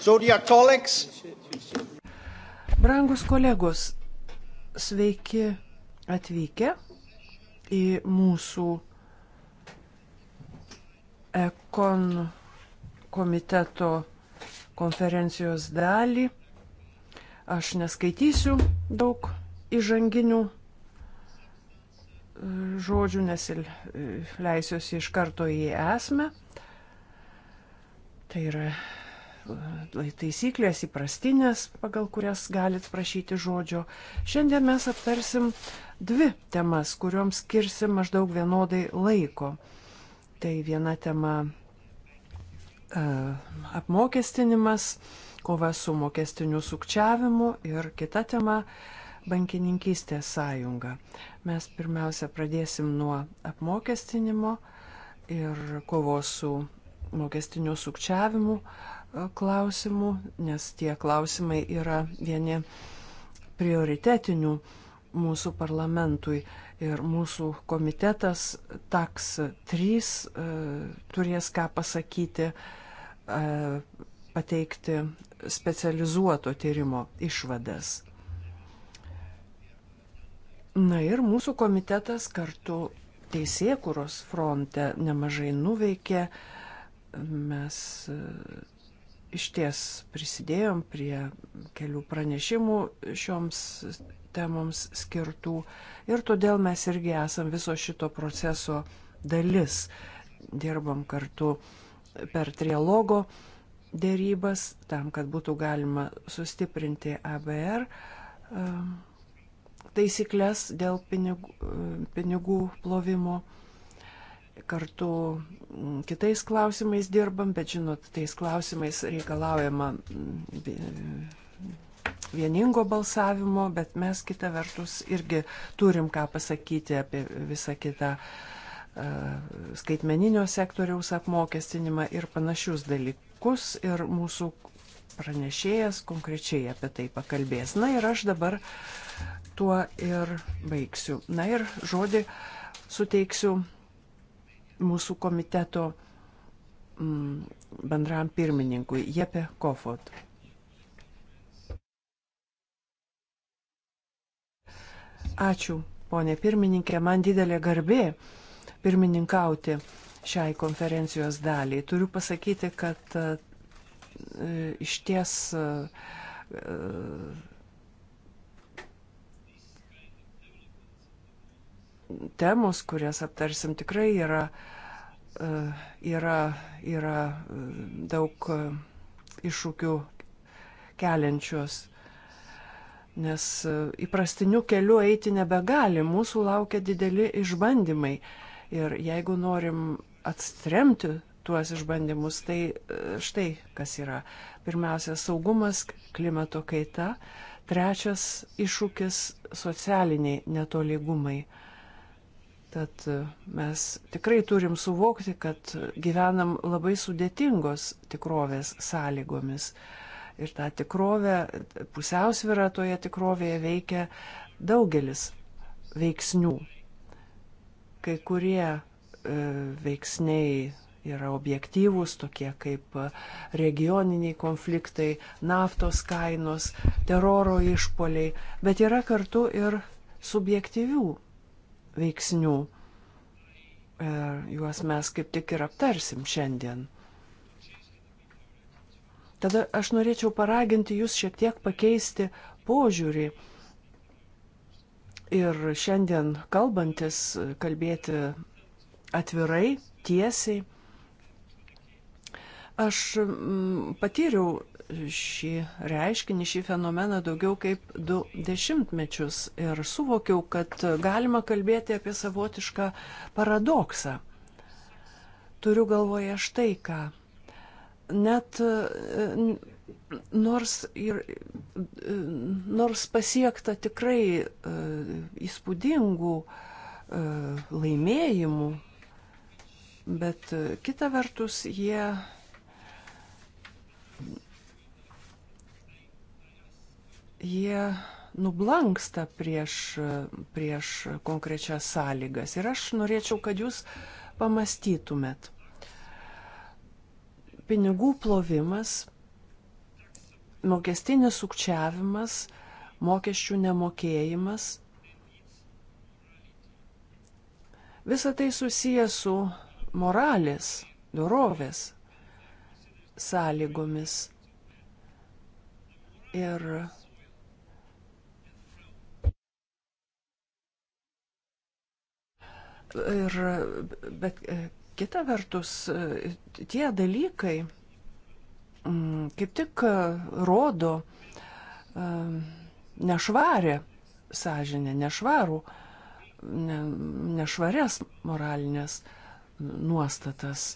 So, Brangus kolegos, sveiki atvykę į mūsų ekon komiteto konferencijos dalį. Aš neskaitysiu daug įžanginių e, žodžių, nes e, leisiuosi iš karto į esmę. Tai yra taisyklės įprastinės, pagal kurias galit prašyti žodžio. Šiandien mes aptarsim dvi temas, kuriuoms skirsim maždaug vienodai laiko. Tai viena tema e, apmokestinimas, kova su mokestiniu sukčiavimu ir kita tema bankininkystės sąjunga. Mes pirmiausia pradėsim nuo apmokestinimo ir kovos su mokestiniu sukčiavimu klausimų, nes tie klausimai yra vieni prioritetinių mūsų parlamentui ir mūsų komitetas TAX 3 e, turės ką pasakyti, e, pateikti specializuoto tyrimo išvadas. Na ir mūsų komitetas kartu teisėkuros fronte nemažai nuveikė. Mes e, Išties prisidėjom prie kelių pranešimų šioms temoms skirtų ir todėl mes irgi esam viso šito proceso dalis. Dirbam kartu per trialogo dėrybas tam, kad būtų galima sustiprinti ABR um, taisyklės dėl pinigų, um, pinigų plovimo kartu mm, kitais klausimais dirbam, bet žinot, tais klausimais reikalaujama mm, vieningo balsavimo, bet mes kitą vertus irgi turim ką pasakyti apie visą kitą e, skaitmeninio sektoriaus apmokestinimą ir panašius dalykus ir mūsų pranešėjas konkrečiai apie tai pakalbės. Na ir aš dabar tuo ir baigsiu. Na ir žodį suteiksiu mūsų komiteto mm, bendram pirmininkui Jepe Kofot. Ačiū, ponė pirmininkė, man didelė garbė pirmininkauti šiai konferencijos daliai. Turiu pasakyti, kad e, iš ties e, temos, kurias aptarsim, tikrai yra, e, yra, yra e, daug e, iššūkių keliančios. Nes įprastiniu keliu eiti nebegali, mūsų laukia dideli išbandymai. Ir jeigu norim atstremti tuos išbandymus, tai štai kas yra. Pirmiausia, saugumas, klimato kaita. Trečias iššūkis - socialiniai netolygumai. Tad e, mes tikrai turim suvokti, kad gyvenam labai sudėtingos tikrovės sąlygomis. Ir tą tikrovę, pusiausvyrą toje tikrovėje veikia daugelis veiksnių. Kai kurie e, veiksniai yra objektyvūs, tokie kaip e, regioniniai konfliktai, naftos kainos, teroro išpoliai, bet yra kartu ir subjektyvių veiksnių. Ir e, juos mes kaip tik ir aptarsim šiandien. Tada aš norėčiau paraginti jūs šiek tiek pakeisti požiūrį ir šiandien kalbantis kalbėti atvirai, tiesiai Aš mm, patyriau šį reiškinį, šį fenomeną daugiau kaip du dešimtmečius ir suvokiau, kad galima kalbėti apie savotišką paradoksą. Turiu galvoje štai ką. Net nors, ir, nors pasiekta tikrai e, įspūdingų e, laimėjimų, bet e, kita vertus jie jie nublanksta prieš, prieš konkrečias sąlygas. Ir aš norėčiau, kad jūs pamastytumėt. Pinigų plovimas, mokestinis sukčiavimas, mokesčių nemokėjimas. Visa tai susiję su moralės, dorovės sąlygomis. Ir Ir, bet e, kita vertus, e, tie dalykai mm, kaip tik e, rodo nešvarę sąžinę, nešvarų, ne, nešvarės moralinės nuostatas.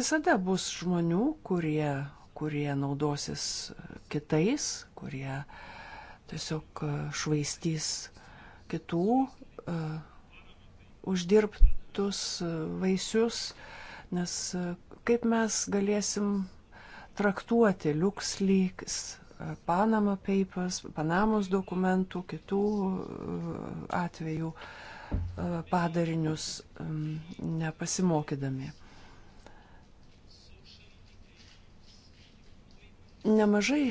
Visada bus žmonių, kurie, kurie naudosis kitais, kurie tiesiog švaistys kitų uh, uždirbtus e, vaisius, nes e, kaip mes galėsim traktuoti LuxLeaks, Panama Papers, Panamos dokumentų, kitų atvejų padarinius nepasimokydami. Nemažai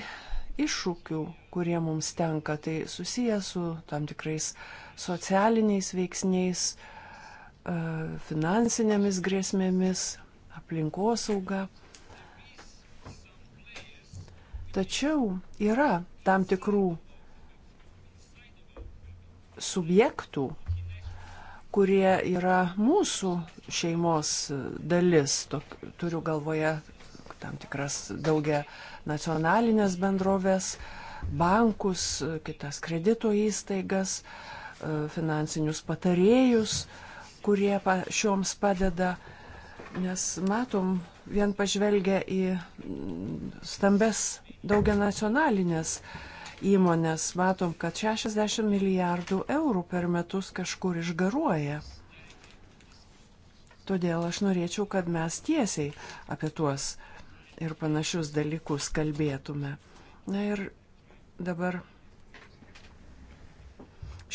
iššūkių, kurie mums tenka. Tai susiję su tam tikrais socialiniais veiksniais, e, finansinėmis grėsmėmis, aplinkosauga. Tačiau yra tam tikrų subjektų, kurie yra mūsų šeimos dalis, tok, turiu galvoje tam tikras daugia nacionalinės bendrovės, bankus, kitas kredito įstaigas, e, finansinius patarėjus, kurie šioms padeda, nes matom, vien pažvelgia į mm, stambes daugia nacionalinės įmonės, matom, kad 60 milijardų eurų per metus kažkur išgaruoja. Todėl aš norėčiau, kad mes tiesiai apie tuos ir panašius dalykus kalbėtume. Na ir dabar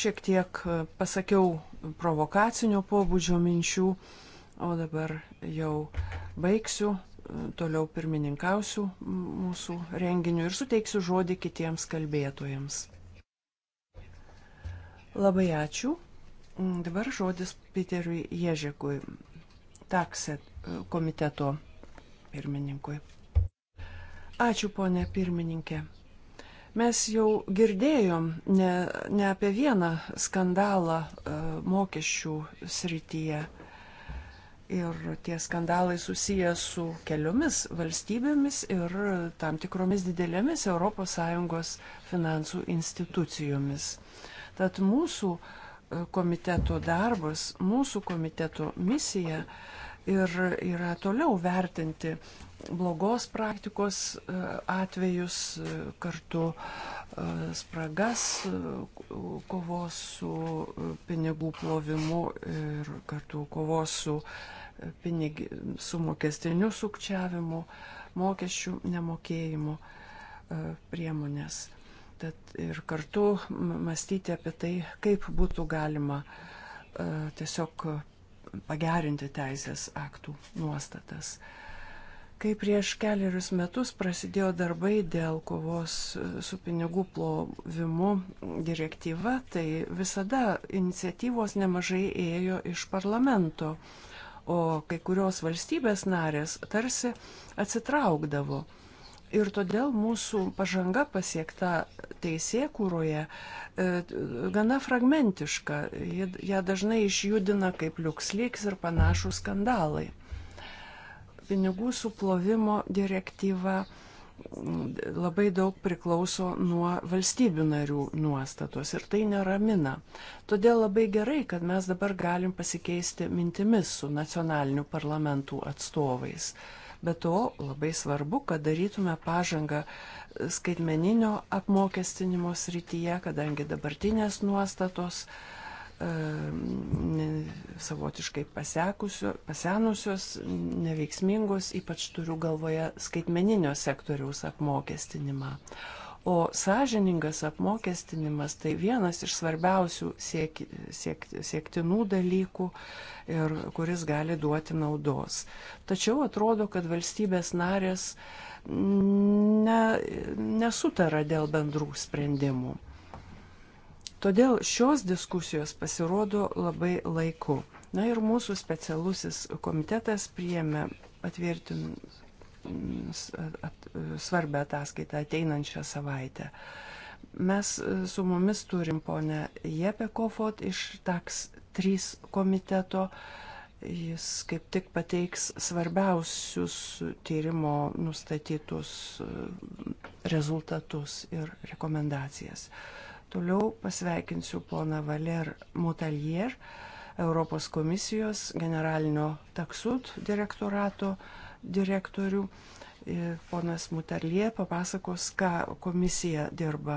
šiek tiek pasakiau provokacinio pobūdžio minčių, o dabar jau baigsiu, toliau pirmininkausiu mūsų renginiu ir suteiksiu žodį kitiems kalbėtojams. Labai ačiū. Dabar žodis Piteriui Ježekui, takset komiteto pirmininkui. Ačiū, ponė pirmininkė. Mes jau girdėjom ne, ne apie vieną skandalą e, mokesčių srityje. Ir tie skandalai susiję su keliomis valstybėmis ir tam tikromis didelėmis ES finansų institucijomis. Tad mūsų e, komiteto darbas, mūsų komiteto misija e, ir yra toliau vertinti blogos praktikos e, atvejus, e, kartu e, spragas kovos su pinigų plovimu ir kartu kovos su, pinigi, su mokestiniu sukčiavimu, mokesčių nemokėjimu priemonės. Tad ir kartu mąstyti apie tai, kaip būtų galima tiesiog pagerinti teisės aktų nuostatas. Kai prieš keliarius metus prasidėjo darbai dėl kovos su pinigų plovimu direktyva, tai visada iniciatyvos nemažai ėjo iš parlamento, o kai kurios valstybės narės tarsi atsitraukdavo Ir todėl mūsų pažanga pasiekta teisėkūroje e, gana fragmentiška. Ją dažnai išjudina kaip liukslyks ir panašų skandalai. Pinigų suplovimo direktyva labai daug priklauso nuo valstybių narių nuostatos ir tai neramina. Todėl labai gerai, kad mes dabar galim pasikeisti mintimis su nacionalinių parlamentų atstovais. Uh, Bet to labai svarbu, kad darytume pažangą skaitmeninio apmokestinimo srityje, kadangi dabartinės nuostatos e, savotiškai pasenusios, neveiksmingos, ypač turiu galvoje skaitmeninio sektoriaus apmokestinimą. O sąžiningas apmokestinimas tai vienas iš svarbiausių siek, siek, siektinų dalykų ir kuris gali duoti naudos. Tačiau atrodo, kad valstybės narės ne, nesutara dėl bendrų sprendimų. Todėl šios diskusijos pasirodo labai laiku. Na ir mūsų specialusis komitetas priėmė patvirtin, svarbę ataskaitą ateinančią savaitę. Mes e, su mumis turim ponę Jepe Kofot iš TAX 3 komiteto. Jis kaip tik pateiks svarbiausius tyrimo nustatytus e, rezultatus ir rekomendacijas. Toliau pasveikinsiu poną Valer Mutalier, Europos komisijos generalinio taksut direktorato direktorių. Ponas Mutarlie papasakos, ką komisija dirba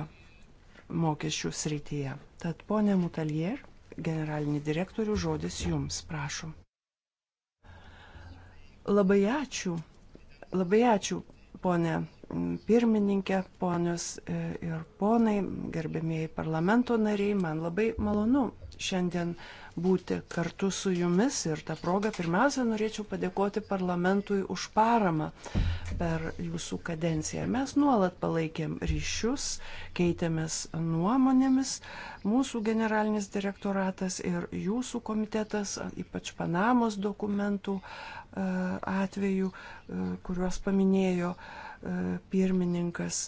mokesčių srityje. Tad, ponė Mutalier, generalinį direktorių, žodis jums, prašom. Labai ačiū, labai ačiū, ponė pirmininkė, ponios e, ir ponai, gerbėmieji parlamento nariai, man labai malonu šiandien būti kartu su jumis ir tą progą pirmiausia norėčiau padėkoti parlamentui už paramą per jūsų kadenciją. Mes nuolat palaikėm ryšius, keitėmės nuomonėmis, mūsų generalinis direktoratas ir jūsų komitetas, ypač Panamos dokumentų e, atveju, e, kuriuos paminėjo e, pirmininkas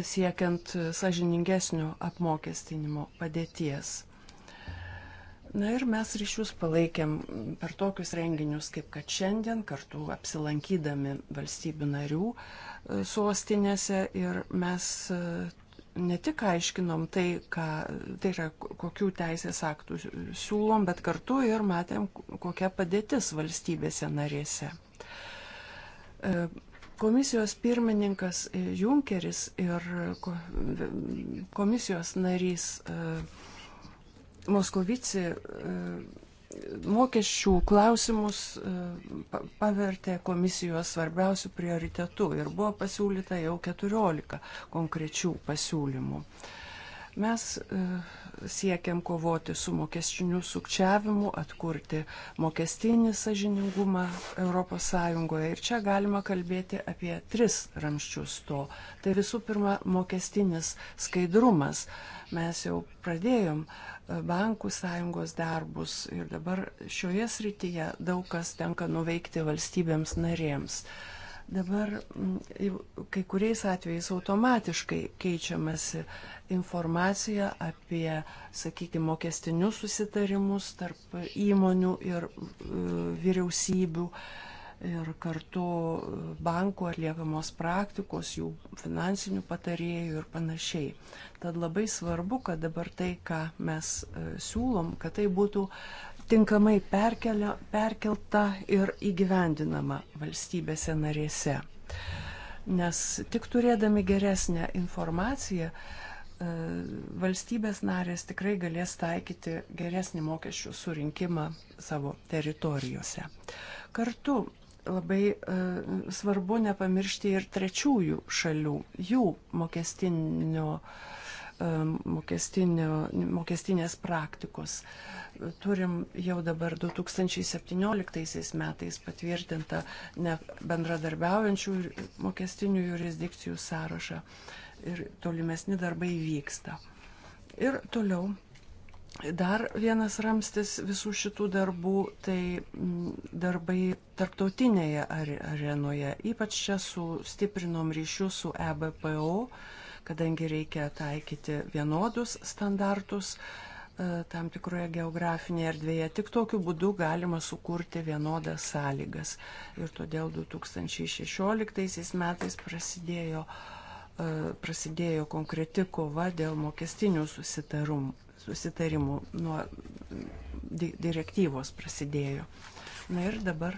siekiant sažiningesnio apmokestinimo padėties. Na ir mes ryšius palaikėm per tokius renginius, kaip kad šiandien, kartu apsilankydami valstybių narių e, sostinėse. Ir mes e, ne tik aiškinom tai, ką, tai yra, kokių teisės aktų siūlom, bet kartu ir matėm, kokia padėtis valstybėse narėse e, Komisijos pirmininkas e, Junkeris ir e, komisijos narys e, Moskovici mokesčių klausimus pavertė komisijos svarbiausių prioritetų ir buvo pasiūlyta jau 14 konkrečių pasiūlymų. Mes siekiam kovoti su mokestiniu sukčiavimu, atkurti mokestinį sažiningumą ES. Ir čia galima kalbėti apie tris ramščius to. Tai visų pirma, mokestinis skaidrumas. Mes jau pradėjom e, bankų sąjungos darbus ir dabar šioje srityje daug kas tenka nuveikti valstybėms narėms. Uh, Dabar mm, kai kuriais atvejais automatiškai keičiamasi informacija apie, sakykime, mokestinius susitarimus tarp įmonių ir e, vyriausybių ir kartu e, bankų atliekamos praktikos, jų finansinių patarėjų ir panašiai. Tad labai svarbu, kad dabar tai, ką mes e, siūlom, kad tai būtų tinkamai perkelia, perkelta ir įgyvendinama valstybėse narėse. Nes tik turėdami geresnę informaciją, e, valstybės narės tikrai galės taikyti geresnį mokesčių surinkimą savo teritorijose. Kartu labai e, svarbu nepamiršti ir trečiųjų šalių, jų mokestinio uh, E, mokestinės praktikos. Turim jau dabar 2017 metais patvirtintą bendradarbiaujančių mokestinių jurisdikcijų sąrašą ir tolimesni darbai vyksta. Ir toliau Dar vienas ramstis visų šitų darbų - tai darbai tarptautinėje arenoje. Ypač čia sustiprinom ryšių su EBPO kadangi reikia taikyti vienodus standartus e, tam tikroje geografinėje erdvėje. Tik tokiu būdu galima sukurti vienodas sąlygas. Ir todėl 2016 metais prasidėjo, e, prasidėjo konkreti kova dėl mokestinių susitarimų. Nuo direktyvos prasidėjo. Na ir dabar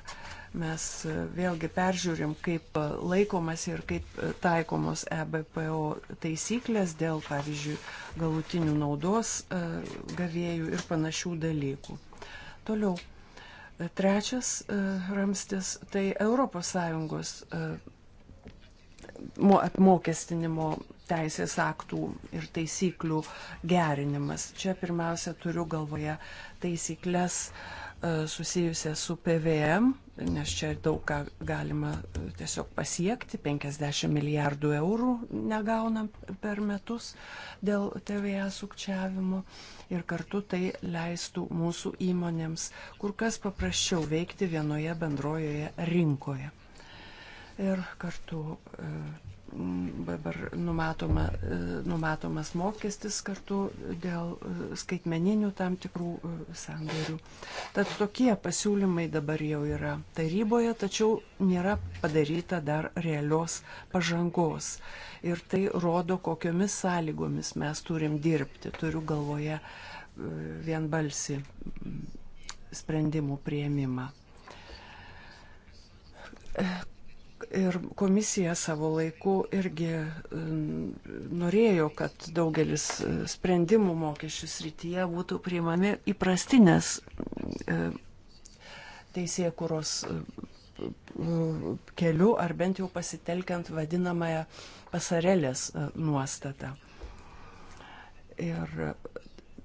mes e, vėlgi peržiūrim, kaip e, laikomas ir kaip e, taikomos EBPO taisyklės dėl, pavyzdžiui, galutinių naudos gavėjų ir panašių dalykų. Toliau. Trečias ramstis - tai ES apmokestinimo teisės aktų ir taisyklių gerinimas. Čia pirmiausia turiu galvoje taisyklės uh, E, susijusią su PVM, nes čia daug ką galima e, tiesiog pasiekti, 50 milijardų eurų negaunam per metus dėl TVA sukčiavimo ir kartu tai leistų mūsų įmonėms kur kas paprasčiau veikti vienoje bendrojoje rinkoje. Ir kartu e, dabar mm, numatoma, e, numatomas mokestis kartu dėl e, skaitmeninių tam tikrų e, sandorių. Tad tokie pasiūlymai dabar jau yra taryboje, tačiau nėra padaryta dar realios pažangos. Ir tai rodo, kokiomis sąlygomis mes turim dirbti. Turiu galvoje vienbalsi mm, sprendimų prieimimą Ir komisija savo laiku irgi um, norėjo, kad daugelis uh, sprendimų mokesčių srityje būtų priimami įprastinės um, teisėkuros um, uh, keliu ar bent jau pasitelkiant vadinamąją pasarelės uh, nuostatą. Ir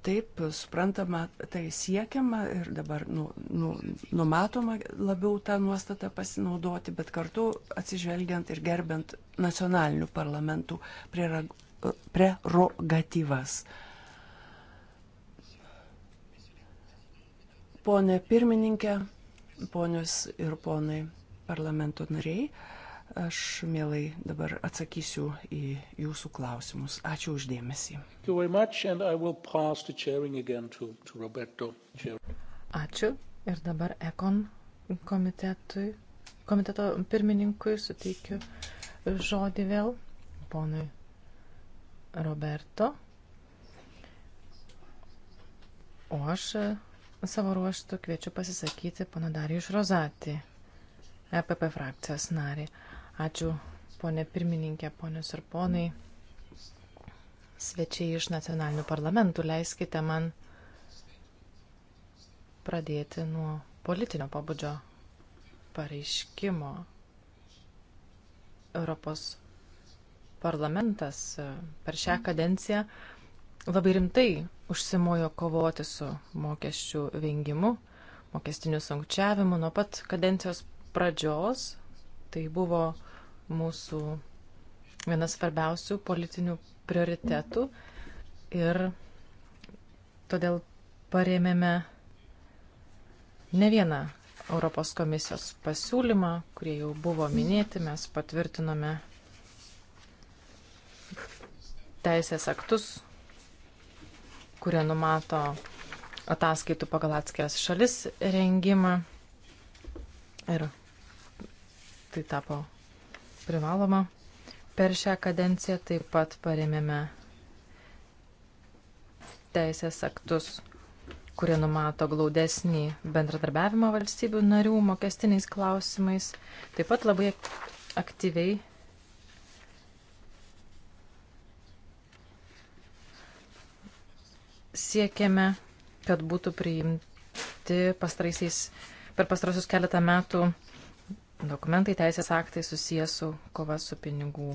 Taip, suprantama, tai siekiama ir dabar nu, nu, numatoma labiau tą nuostatą pasinaudoti, bet kartu atsižvelgiant ir gerbent nacionalinių parlamentų prerogatyvas. Pone pirmininkė, ponios ir ponai parlamento nariai, Aš mielai dabar atsakysiu į jūsų klausimus. Ačiū uždėmesį. Ačiū ir dabar Ekon komitetui, komiteto pirmininkui suteikiu žodį vėl ponui Roberto. O aš savo ruoštų kviečiu pasisakyti pana Darijus Rozatį, EPP frakcijos narį. Ačiū, ponė pirmininkė, ponios ir ponai. Svečiai iš nacionalinių parlamentų, leiskite man pradėti nuo politinio pabudžio pareiškimo. Europos parlamentas e, per šią kadenciją labai rimtai užsimojo kovoti su mokesčių vengimu, mokestiniu sankčiavimu nuo pat kadencijos pradžios. Tai buvo mūsų vienas svarbiausių politinių prioritetų ir todėl paremėme ne vieną Europos komisijos pasiūlymą, kurie jau buvo minėti, mes patvirtinome teisės aktus, kurie numato ataskaitų pagal atskiras šalis rengimą. Ir tai tapo privaloma. Per šią kadenciją taip pat paremėme teisės aktus, kurie numato glaudesnį bendradarbiavimą valstybių narių mokestiniais klausimais. Taip pat labai aktyviai siekiame, kad būtų priimti pastraisiais, per pastarosius keletą metų dokumentai, teisės aktai susijęs su kova su pinigų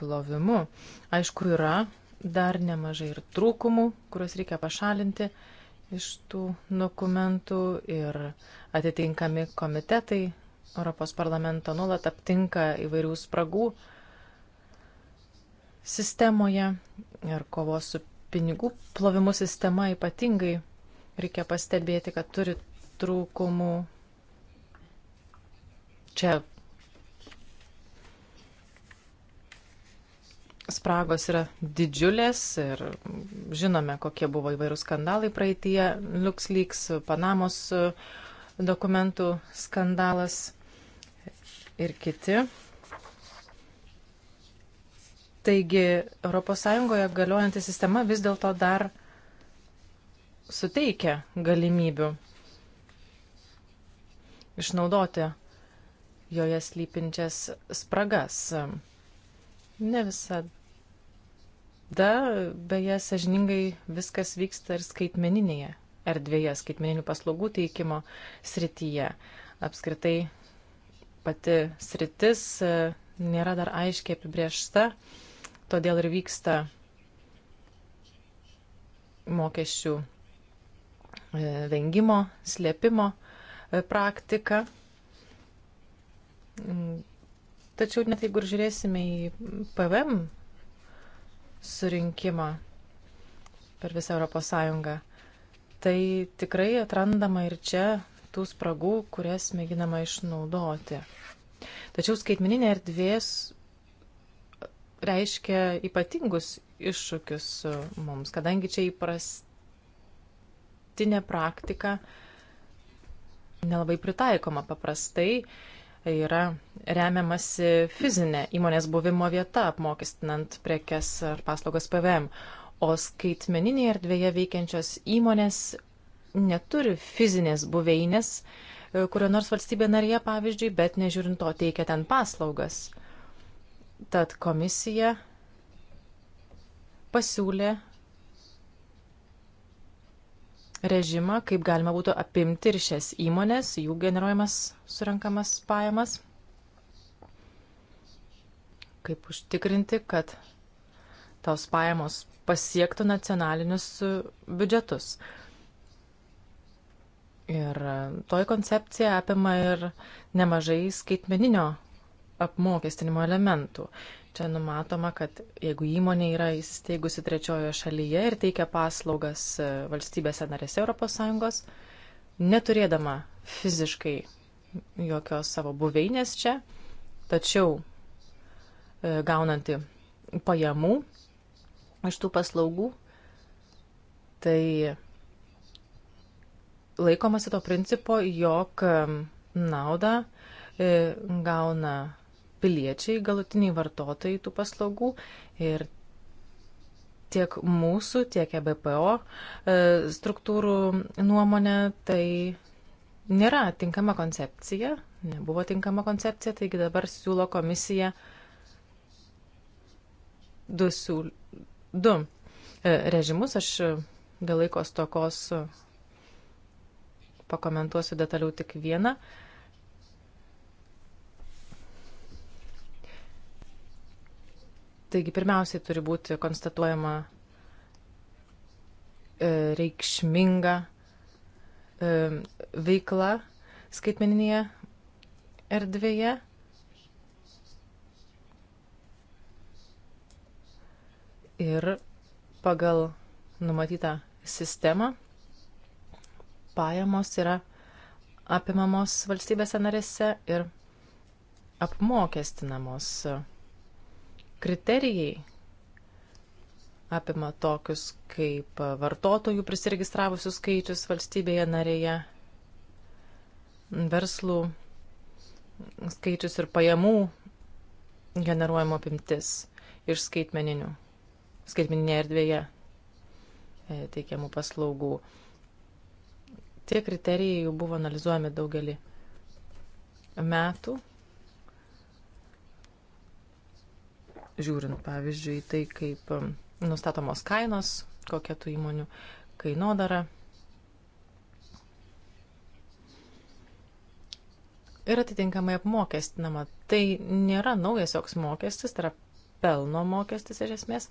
plovimu. Aišku, yra dar nemažai ir trūkumų, kuriuos reikia pašalinti iš tų dokumentų ir atitinkami komitetai Europos parlamento nulat aptinka įvairių spragų sistemoje ir kovos su pinigų plovimu sistema ypatingai reikia pastebėti, kad turi trūkumų čia spragos yra didžiulės ir žinome, kokie buvo įvairūs skandalai praeitie. LuxLeaks, Panamos dokumentų skandalas ir kiti. Taigi ES galiojanti sistema vis dėlto dar suteikia galimybių išnaudoti joje slypinčias spragas. Ne visada, beje, sažiningai viskas vyksta ir skaitmeninėje erdvėje, skaitmeninių paslaugų teikimo srityje. Apskritai pati sritis e, nėra dar aiškiai apibriešta, todėl ir vyksta mokesčių e, vengimo, slėpimo e, praktika. Mm. Tačiau net jeigu ir žiūrėsime į PVM surinkimą per visą Europos Sąjungą, tai tikrai atrandama ir čia tų spragų, kurias mėginama išnaudoti. Tačiau skaitmininė erdvės reiškia ypatingus iššūkius mums, kadangi čia įprastinė praktika nelabai pritaikoma paprastai yra remiamasi fizinė įmonės buvimo vieta apmokestinant prekes ar paslaugas PVM, o skaitmeninėje erdvėje veikiančios įmonės neturi fizinės buveinės e, kurio nors valstybė narėje, pavyzdžiui, bet nežiūrint to teikia ten paslaugas. Tad komisija pasiūlė režimą, kaip galima būtų apimti ir šias įmonės, jų generuojamas surinkamas pajamas, kaip užtikrinti, kad tos pajamos pasiektų nacionalinius biudžetus. Ir toj koncepcija apima ir nemažai skaitmeninio apmokestinimo elementų. Čia numatoma, kad jeigu įmonė yra įsteigusi trečiojoje šalyje ir teikia paslaugas e, valstybėse narėse ES, neturėdama fiziškai jokios savo buveinės čia, tačiau e, gaunanti pajamų iš tų paslaugų, tai laikomasi to principo, jog e, naudą gauna piliečiai, galutiniai vartotojai tų paslaugų ir tiek mūsų, tiek EBPO e, struktūrų nuomonė, tai nėra tinkama koncepcija, nebuvo tinkama koncepcija, taigi dabar siūlo komisija du, siūl... du e, režimus. Aš dėl laiko stokos pakomentuosiu detaliau tik vieną. Uh, Taigi pirmiausiai turi būti konstatuojama e, reikšminga e, veikla skaitmeninėje erdvėje. Ir pagal numatytą sistemą pajamos yra apimamos valstybėse narėse ir apmokestinamos. Kriterijai apima tokius kaip vartotojų prisiregistravusių skaičius valstybėje narėje, verslų skaičius ir pajamų generuojamo apimtis iš skaitmeninių, skaitmeninėje erdvėje e, teikiamų paslaugų. Tie kriterijai jau buvo analizuojami daugelį metų žiūrint pavyzdžiui tai, kaip um, nustatomos kainos, kokia tų įmonių kainodara. Ir atitinkamai apmokestinama. Tai nėra naujas joks mokestis, tai yra pelno mokestis iš esmės,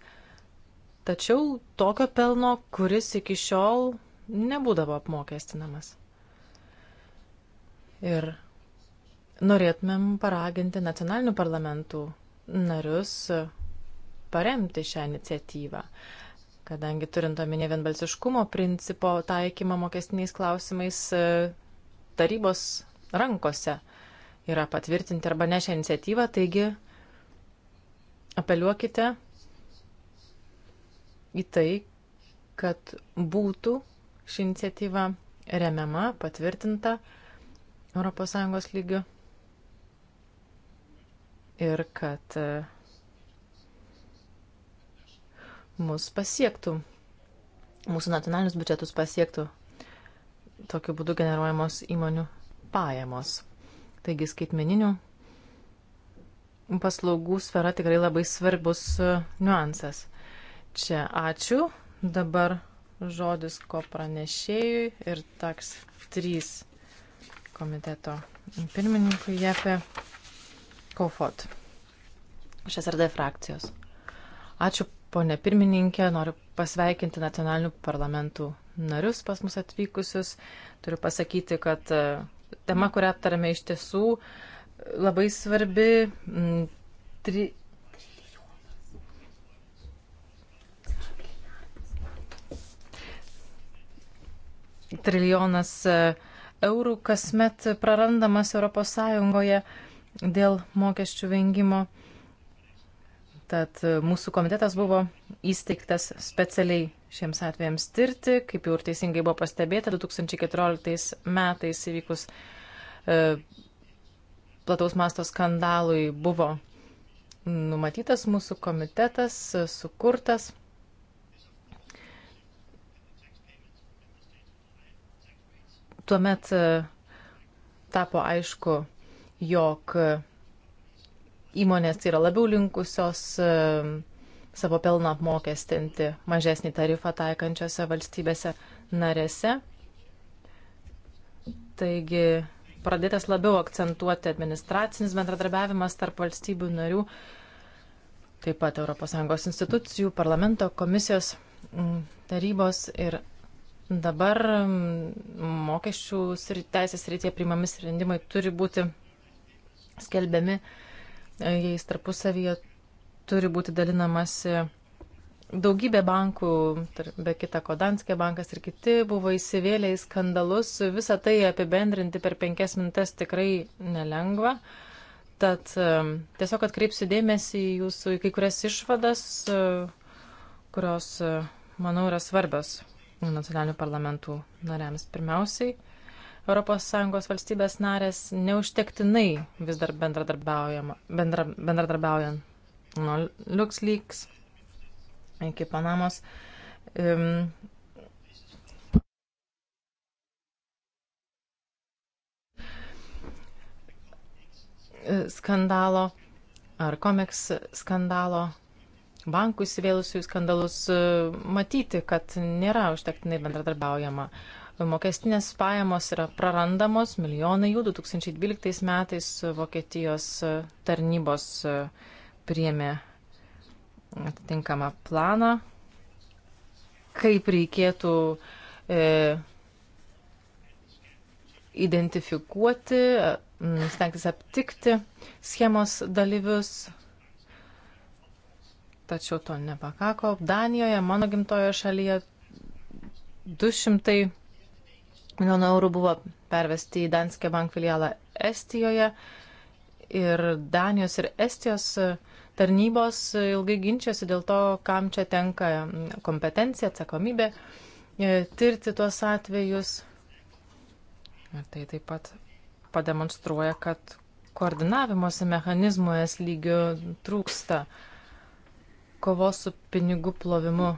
tačiau tokio pelno, kuris iki šiol nebūdavo apmokestinamas. Ir norėtumėm paraginti nacionalinių parlamentų narius paremti šią iniciatyvą, kadangi turint omenyje vienbalsiškumo principo taikymą mokestiniais klausimais e, tarybos rankose yra patvirtinti arba ne šią iniciatyvą, taigi apeliuokite į tai, kad būtų ši iniciatyva remiama, patvirtinta ES lygiu ir kad e, mus pasiektų, mūsų nacionalinius biudžetus pasiektų tokiu būdu generuojamos įmonių pajamos. Taigi skaitmeninių paslaugų sfera tikrai labai svarbus e, niuansas. Čia ačiū. Dabar žodis ko pranešėjui ir taks 3 komiteto pirmininkui Jefe. Kofot iš SRD frakcijos. Ačiū, ponė pirmininkė, noriu pasveikinti nacionalinių parlamentų narius pas mus atvykusius. Turiu pasakyti, kad e, tema, kurią aptarėme iš tiesų, e, labai svarbi. Mm, tri... Trilijonas e, eurų kasmet prarandamas ES dėl mokesčių vengimo. Tad e, mūsų komitetas buvo įsteigtas specialiai šiems atvejams tirti, kaip jau ir teisingai buvo pastebėta, 2014 metais įvykus e, plataus masto skandalui buvo numatytas mūsų komitetas, e, sukurtas. Tuomet e, tapo aišku, jog įmonės yra labiau linkusios ehm, savo pelną apmokestinti mažesnį tarifą taikančiose valstybėse narėse. Taigi pradėtas labiau akcentuoti administracinis bendradarbiavimas tarp valstybių narių, taip pat ES institucijų, parlamento, komisijos, mm, tarybos ir dabar mm, mokesčių teisės rytie priimami sprendimai turi būti skelbiami, e, jais tarpusavyje turi būti dalinamasi. Daugybė bankų, be kita ko Danskė bankas ir kiti, buvo įsivėlę į skandalus. Visą tai apibendrinti per penkias mintes tikrai nelengva. Tad e, tiesiog atkreipsiu dėmesį jūsų į kai kurias išvadas, e, kurios, manau, yra svarbios nacionalinių parlamentų nariams. Pirmiausiai, ES valstybės narės neužtektinai vis dar bendradarbiaujama, bendra, bendradarbiaujant nuo LuxLeaks iki Panamos. Um, skandalo ar komeks skandalo, bankų įsivėlusių skandalus, matyti, kad nėra užtektinai bendradarbiaujama. Uh, mokestinės pajamos yra prarandamos, milijonai jų 2012 metais Vokietijos tarnybos priemė atitinkamą planą, kaip reikėtų e, identifikuoti, stengtis aptikti schemos dalyvius. Tačiau to nepakako. Danijoje, mano gimtojo šalyje, 200 milijonų eurų buvo pervesti į Danske Bank filialą Estijoje. Ir Danijos ir Estijos tarnybos ilgai ginčiasi dėl to, kam čia tenka kompetencija, atsakomybė e, tirti tuos atvejus. Ir tai taip pat pademonstruoja, kad koordinavimosi mechanizmų es lygių trūksta kovos su pinigų plovimu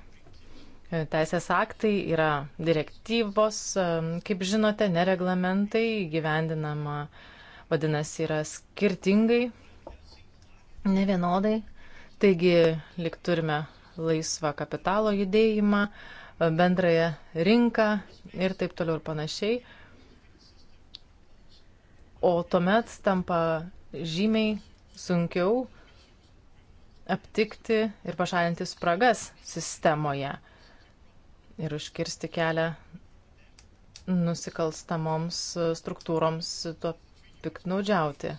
teisės aktai yra direktyvos, e, kaip žinote, nereglamentai gyvendinama, vadinasi, yra skirtingai, nevienodai. Taigi, lik turime laisvą kapitalo judėjimą, e, bendrąją rinką ir taip toliau ir panašiai. O tuomet tampa žymiai sunkiau aptikti ir pašalinti spragas sistemoje ir užkirsti kelią nusikalstamoms struktūroms tuo piknaudžiauti.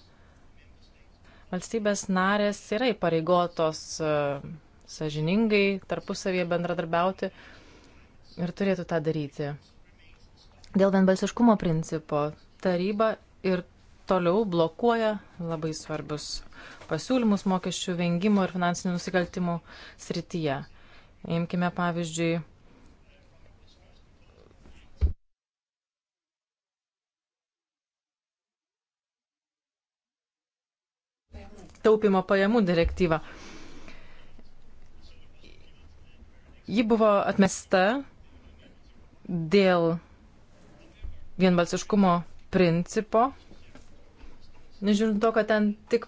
Valstybės narės yra įpareigotos e, sažiningai tarpusavėje bendradarbiauti ir turėtų tą daryti. Dėl vienbalsiškumo principo taryba ir toliau blokuoja labai svarbius pasiūlymus mokesčių vengimo ir finansinių nusikaltimų srityje. Imkime pavyzdžiui taupimo pajamų direktyvą. Ji buvo atmesta dėl vienbalsiškumo principo, nežiūrint to, kad ten tik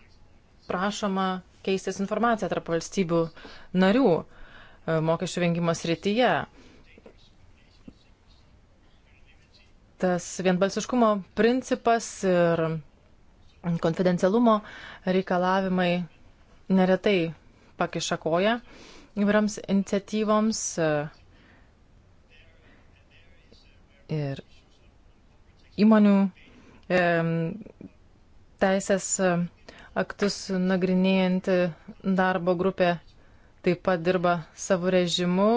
prašoma keistis informacija tarp valstybių narių e, mokesčių vengimo srityje. Tas vienbalsiškumo principas ir konfidencialumo reikalavimai neretai pakiša koją įvairioms iniciatyvoms. E, ir įmonių e, teisės aktus nagrinėjanti darbo grupė taip pat dirba savo režimu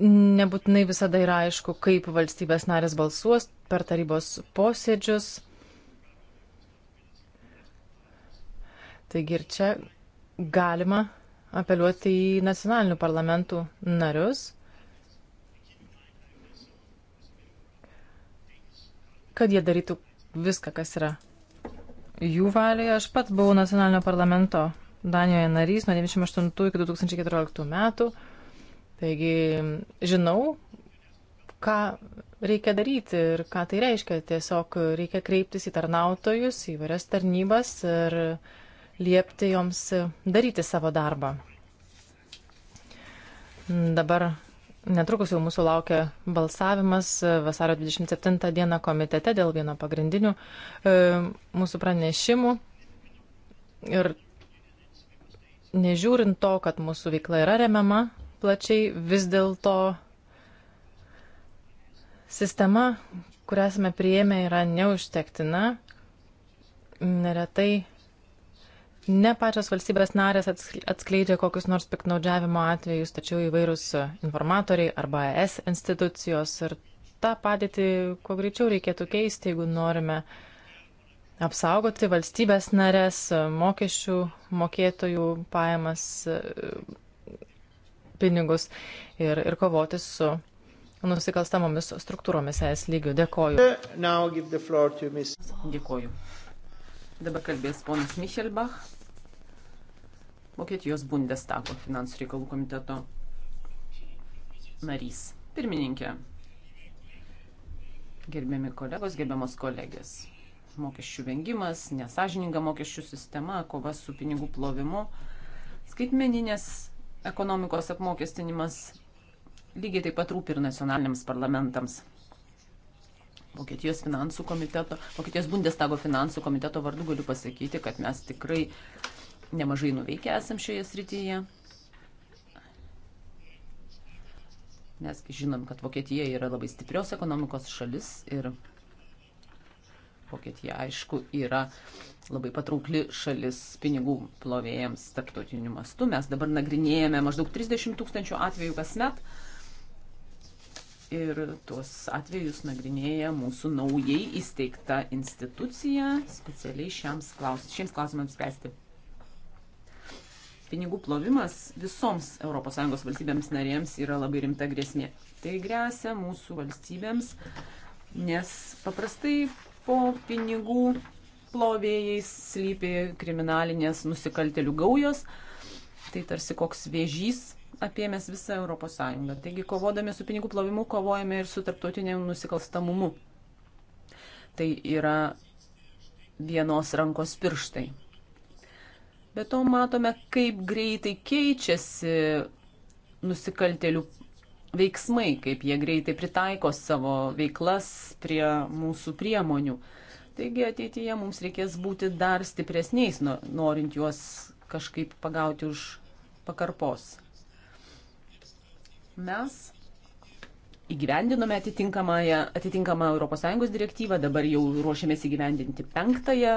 nebūtinai visada yra aišku, kaip valstybės narės balsuos per tarybos posėdžius. Taigi ir čia galima apeliuoti į nacionalinių parlamentų narius, kad jie darytų viską, kas yra jų valioje. Aš pats buvau nacionalinio parlamento Danijoje narys nuo 1998 iki 2014 metų. Taigi žinau, ką reikia daryti ir ką tai reiškia. Tiesiog reikia kreiptis į tarnautojus, į varias tarnybas ir liepti joms daryti savo darbą. Dabar netrukus jau mūsų laukia balsavimas vasario 27 dieną komitete dėl vieno pagrindinių e, mūsų pranešimų. Ir nežiūrint to, kad mūsų veikla yra remiama plačiai, vis dėlto sistema, kurią esame prieėmę, yra neužtektina. Neretai ne pačios valstybės narės atskleidžia kokius nors piknaudžiavimo atvejus, tačiau įvairūs informatoriai arba ES institucijos ir tą padėtį kuo greičiau reikėtų keisti, jeigu norime apsaugoti valstybės narės mokesčių mokėtojų pajamas pinigus ir, ir kovoti su nusikalstamomis struktūromis es lygių. Dėkoju. Dėkoju. Dabar kalbės ponas Michelbach, Vokietijos Bundestago finansų reikalų komiteto narys. Pirmininkė, gerbiami kolegos, gerbiamos kolegės. Mokesčių vengimas, nesažininga mokesčių sistema, kova su pinigų plovimu, skaitmeninės ekonomikos apmokestinimas lygiai taip pat rūpi ir nacionaliniams parlamentams. Vokietijos finansų komiteto, Vokietijos Bundestago finansų komiteto vardu galiu pasakyti, kad mes tikrai nemažai nuveikę esam šioje srityje. Nes žinom, kad Vokietija yra labai stiprios ekonomikos šalis ir Vokietija, aišku, yra labai patraukli šalis pinigų plovėjams tarptautiniu mastu. Mes dabar nagrinėjame maždaug 30 tūkstančių atvejų kasmet. Ir tuos atvejus nagrinėja mūsų naujai įsteigta institucija specialiai šiems, klaus, šiems klausimams spręsti. Pinigų plovimas visoms ES valstybėms narėms yra labai rimta grėsmė. Tai grėsia mūsų valstybėms, nes paprastai po pinigų plovėjais slypi kriminalinės nusikaltelių gaujos. Tai tarsi koks vėžys apėmęs visą ES. Taigi kovodami su pinigų plovimu kovojame ir su tarptautiniu nusikalstamumu. Tai yra vienos rankos pirštai. Be to matome, kaip greitai keičiasi nusikaltelių veiksmai, kaip jie greitai pritaiko savo veiklas prie mūsų priemonių. Taigi ateityje mums reikės būti dar stipresniais, norint juos kažkaip pagauti už pakarpos. Mes įgyvendinome atitinkamą, atitinkamą ES direktyvą, dabar jau ruošiamės įgyvendinti penktąją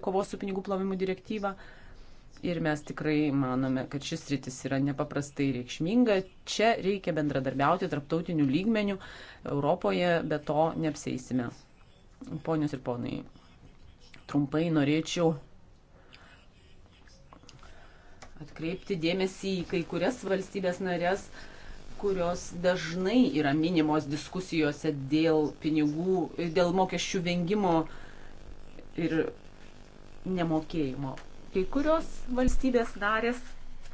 kovos su pinigų plovimu direktyvą. Uh, Ir mes tikrai manome, kad šis rytis yra nepaprastai reikšminga. Čia reikia bendradarbiauti tarptautinių lygmenių. Europoje be to neapsėsime. Ponios ir ponai, trumpai norėčiau atkreipti dėmesį į kai kurias valstybės narės, kurios dažnai yra minimos diskusijose dėl pinigų, dėl mokesčių vengimo ir nemokėjimo. Kai kurios valstybės narės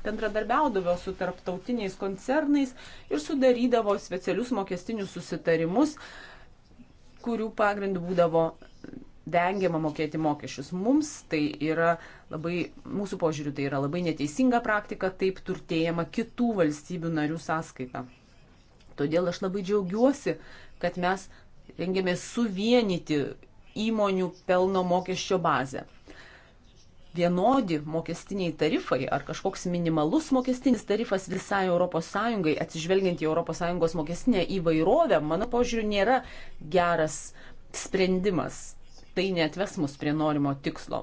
bendradarbiaudavo su tarptautiniais koncernais ir sudarydavo specialius mokestinius susitarimus, kurių pagrindų būdavo vengiama mokėti mokesčius. Mums tai yra labai, mūsų požiūriu, tai yra labai neteisinga praktika, taip turtėjama kitų valstybių narių sąskaita. Todėl aš labai džiaugiuosi, kad mes rengiamės suvienyti įmonių pelno mokesčio bazę vienodi mokestiniai tarifai ar kažkoks minimalus mokestinis tarifas visai ES, atsižvelgiant į ES mokestinę įvairovę, mano požiūriu, nėra geras sprendimas. Tai netves mus prie norimo tikslo.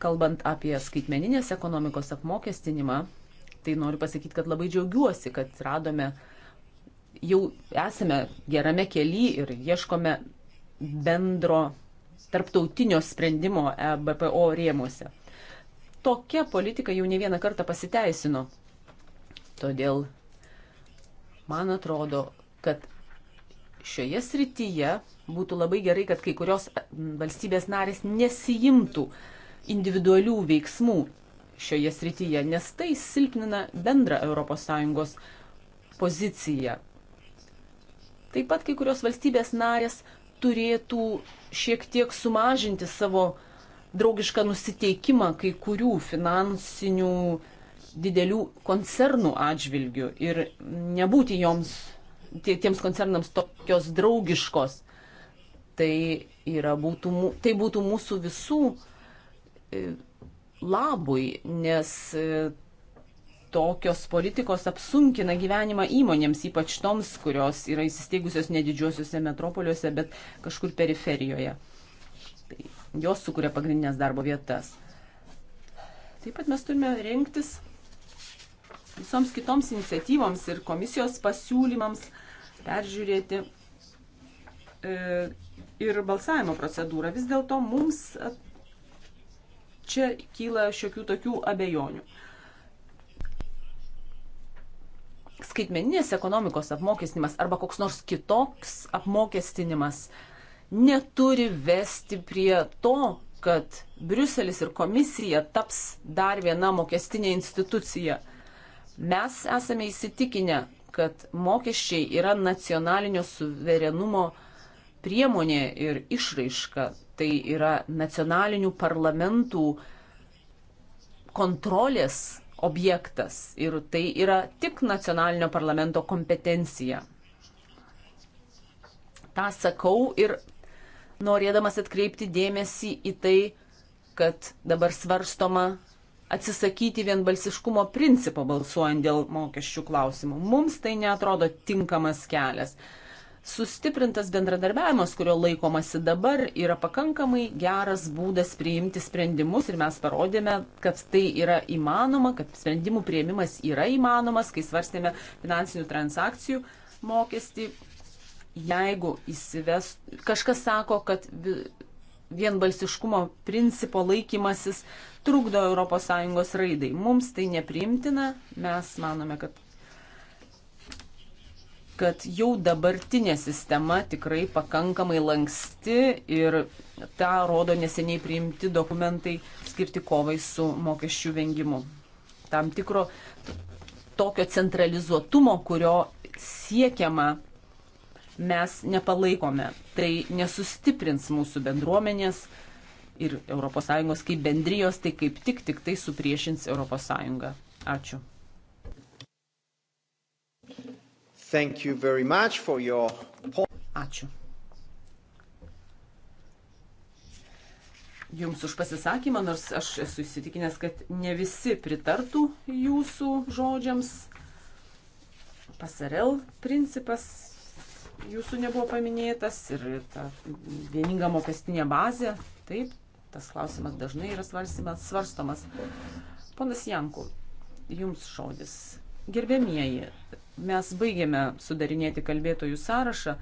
Kalbant apie skaitmeninės ekonomikos apmokestinimą, tai noriu pasakyti, kad labai džiaugiuosi, kad radome, jau esame gerame kelyje ir ieškome bendro tarptautinio sprendimo e BPO rėmuose. Tokia politika jau ne vieną kartą pasiteisino. Todėl man atrodo, kad šioje srityje būtų labai gerai, kad kai kurios valstybės narės nesijimtų individualių veiksmų šioje srityje, nes tai silpnina bendrą ES poziciją. Taip pat kai kurios valstybės narės turėtų šiek tiek sumažinti savo draugišką nusiteikimą kai kurių finansinių didelių koncernų atžvilgių ir nebūti joms, tie, tiems koncernams tokios draugiškos. Tai, yra, būtų, tai būtų mūsų visų e, labui, nes e, tokios politikos apsunkina gyvenimą įmonėms, ypač toms, kurios yra įsisteigusios nedidžiuosiuose metropoliuose, bet kažkur periferijoje. Tai jos sukuria pagrindinės darbo vietas. Taip pat mes turime rinktis visoms kitoms iniciatyvoms ir komisijos pasiūlymams peržiūrėti e, ir balsavimo procedūrą. Vis dėlto mums čia kyla šiokių tokių abejonių. skaitmeninės ekonomikos apmokestinimas arba koks nors kitoks apmokestinimas neturi vesti prie to, kad Briuselis ir komisija taps dar viena mokestinė institucija. Mes esame įsitikinę, kad mokesčiai yra nacionalinio suverenumo priemonė ir išraiška. Tai yra nacionalinių parlamentų kontrolės objektas ir tai yra tik nacionalinio parlamento kompetencija. Ta sakau ir norėdamas atkreipti dėmesį į tai, kad dabar svarstoma atsisakyti vienbalsiškumo principo balsuojant dėl mokesčių klausimų. Mums tai netrodo tinkamas kelias. Sustiprintas bendradarbiavimas, kurio laikomasi dabar, yra pakankamai geras būdas priimti sprendimus ir mes parodėme, kad tai yra įmanoma, kad sprendimų prieimimas yra įmanomas, kai svarstėme finansinių transakcijų mokestį. Jeigu įsives, kažkas sako, kad vienbalsiškumo principo laikymasis trukdo ES raidai. Mums tai nepriimtina, mes manome, kad kad jau dabartinė sistema tikrai pakankamai lanksti ir tą rodo neseniai priimti dokumentai skirti kovai su mokesčių vengimu. Tam tikro tokio centralizuotumo, kurio siekiama, mes nepalaikome. Tai nesustiprins mūsų bendruomenės ir ES kaip bendrijos, tai kaip tik tik tai supriešins ES. Ačiū. Your... Ačiū. Jums už pasisakymą, nors aš esu įsitikinęs, kad ne visi pritartų jūsų žodžiams. Pasarel principas jūsų nebuvo paminėtas ir ta vieninga mokestinė bazė. Taip, tas klausimas dažnai yra svarstomas. Ponas Janku, jums žodis. Gerbėmieji, mes baigėme sudarinėti kalbėtojų sąrašą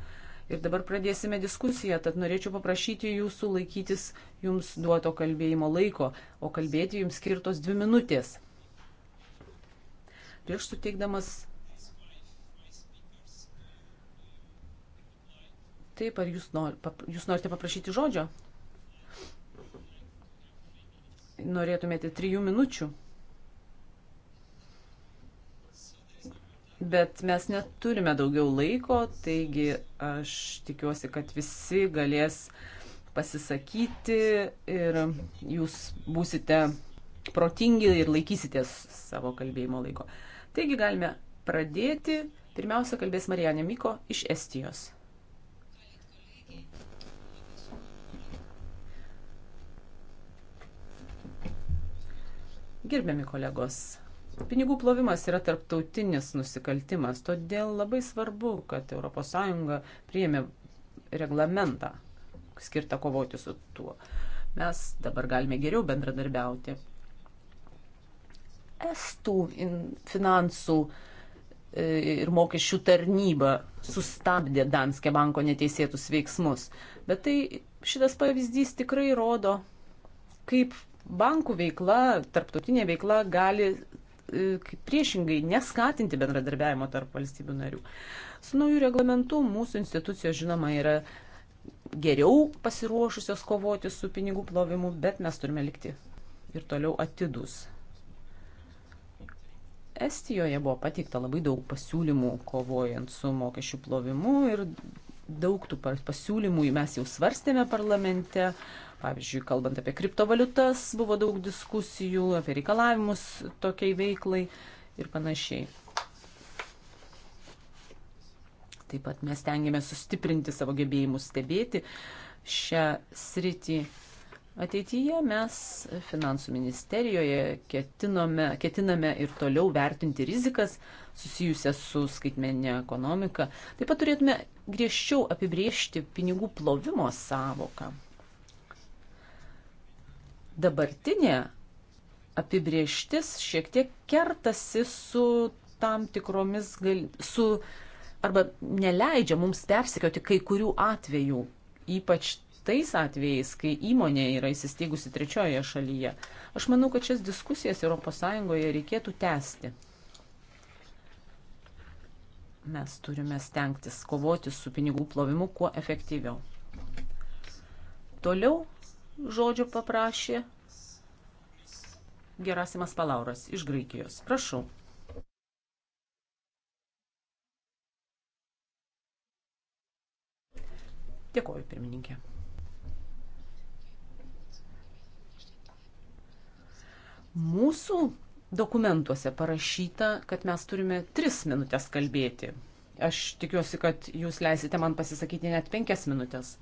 ir dabar pradėsime diskusiją, tad norėčiau paprašyti jūsų laikytis jums duoto kalbėjimo laiko, o kalbėti jums skirtos dvi minutės. Prieš suteikdamas. Taip, ar jūs, nor, pap, jūs norite paprašyti žodžio? Norėtumėte trijų minučių? Bet mes neturime daugiau laiko, taigi aš tikiuosi, kad visi galės pasisakyti ir jūs būsite protingi ir laikysitės savo kalbėjimo laiko. Taigi galime pradėti. Pirmiausia, kalbės Marijanė Miko iš Estijos. Gerbiami kolegos, Pinigų plovimas yra tarptautinis nusikaltimas, todėl labai svarbu, kad ES priėmė reglamentą skirtą kovoti su tuo. Mes dabar galime geriau bendradarbiauti. Estų finansų e, ir mokesčių tarnyba sustabdė Danske banko neteisėtus veiksmus. Bet tai šitas pavyzdys tikrai rodo, kaip bankų veikla, tarptautinė veikla gali E, priešingai neskatinti bendradarbiavimo tarp valstybių narių. Su naujų reglamentu mūsų institucijos, žinoma, yra geriau pasiruošusios kovoti su pinigų plovimu, bet mes turime likti ir toliau atidus. Estijoje buvo pateikta labai daug pasiūlymų kovojant su mokesčių plovimu ir daug tų pasiūlymų mes jau svarstėme parlamente. Uh, Pavyzdžiui, kalbant apie kriptovaliutas, buvo daug diskusijų apie reikalavimus tokiai veiklai ir panašiai. Taip pat mes tengiamės sustiprinti savo gebėjimus stebėti šią sritį. Ateityje mes finansų ministerijoje ketinome, ketiname ir toliau vertinti rizikas susijusias su skaitmeninė ekonomika. Taip pat turėtume griežčiau apibriežti pinigų plovimo savoką dabartinė apibrieštis šiek tiek kertasi su tam tikromis, gal, su, arba neleidžia mums persikioti kai kurių atvejų, ypač tais atvejais, kai įmonė yra įsisteigusi trečiojoje šalyje. Aš manau, kad šias diskusijas ES reikėtų tęsti. Mes turime stengtis kovoti su pinigų plovimu kuo efektyviau. Toliau žodžio paprašė Gerasimas Palauras iš Graikijos. Prašau. Dėkoju, pirmininkė. Mūsų dokumentuose parašyta, kad mes turime tris minutės kalbėti. Aš tikiuosi, kad jūs leisite man pasisakyti net penkias minutės.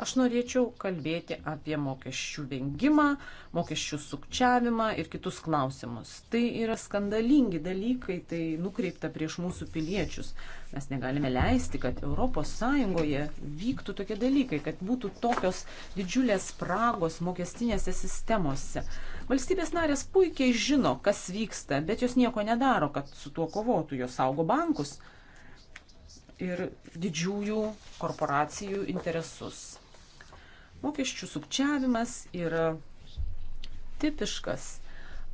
Aš norėčiau kalbėti apie mokesčių vengimą, mokesčių sukčiavimą ir kitus klausimus. Tai yra skandalingi dalykai, tai nukreipta prieš mūsų piliečius. Mes negalime leisti, kad ES vyktų tokie dalykai, kad būtų tokios didžiulės spragos mokestinėse sistemose. Valstybės narės puikiai žino, kas vyksta, bet jos nieko nedaro, kad su tuo kovotų, jos saugo bankus ir didžiųjų korporacijų interesus. Mokesčių sukčiavimas yra tipiškas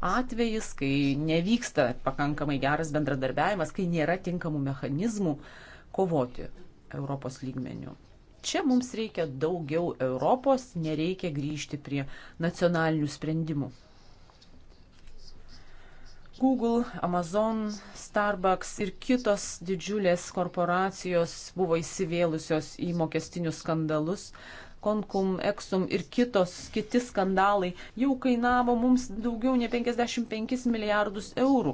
atvejis, kai nevyksta pakankamai geras bendradarbiavimas, kai nėra tinkamų mechanizmų kovoti Europos lygmenių. Čia mums reikia daugiau Europos, nereikia grįžti prie nacionalinių sprendimų. Google, Amazon, Starbucks ir kitos didžiulės korporacijos buvo įsivėlusios į mokestinius skandalus, Konkum, Exum ir kitos, kiti skandalai jau kainavo mums daugiau nei 55 milijardus eurų,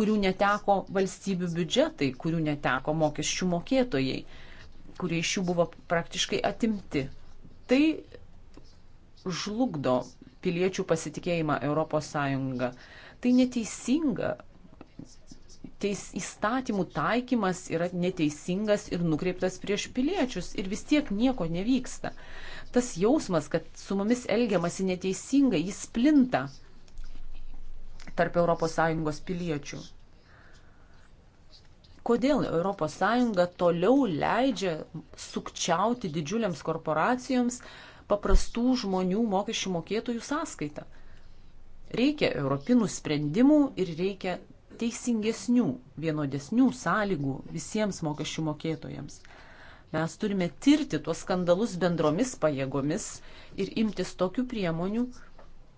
kurių neteko valstybių biudžetai, kurių neteko mokesčių mokėtojai, kurie iš jų buvo praktiškai atimti. Tai žlugdo piliečių pasitikėjimą ES. Tai neteisinga teis, įstatymų taikymas yra neteisingas ir nukreiptas prieš piliečius ir vis tiek nieko nevyksta. Tas jausmas, kad su mumis elgiamasi neteisingai, jis plinta tarp ES piliečių. Kodėl ES toliau leidžia sukčiauti didžiuliams korporacijoms paprastų žmonių mokesčių mokėtojų sąskaitą? reikia europinų sprendimų ir reikia teisingesnių, vienodesnių sąlygų visiems mokesčių mokėtojams. Mes turime tirti tuos skandalus bendromis pajėgomis ir imtis tokių priemonių,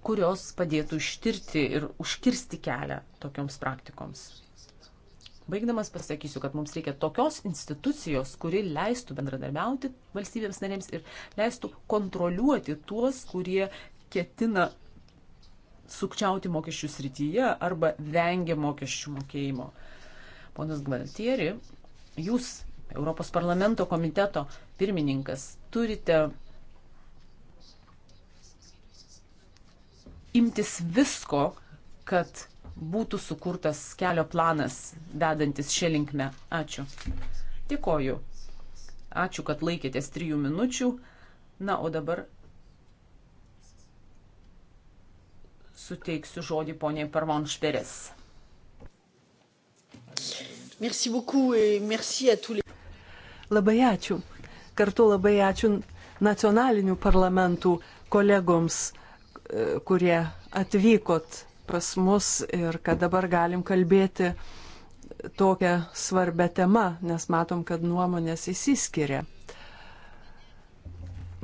kurios padėtų ištirti ir užkirsti kelią tokioms praktikoms. Baigdamas pasakysiu, kad mums reikia tokios institucijos, kuri leistų bendradarbiauti valstybėms narėms ir leistų kontroliuoti tuos, kurie ketina sukčiauti mokesčių srityje arba vengia mokesčių mokėjimo. Ponas Gvaltieri, jūs, Europos parlamento komiteto pirmininkas, turite imtis visko, kad būtų sukurtas kelio planas vedantis šią linkmę. Ačiū. Dėkoju. Ačiū, kad laikėtės trijų minučių. Na, o dabar suteiksiu žodį poniai Parvanšperis. Labai ačiū. Kartu labai ačiū nacionalinių parlamentų kolegoms, e, kurie atvykot pas mus ir kad dabar galim kalbėti tokią svarbę temą, nes matom, kad nuomonės įsiskiria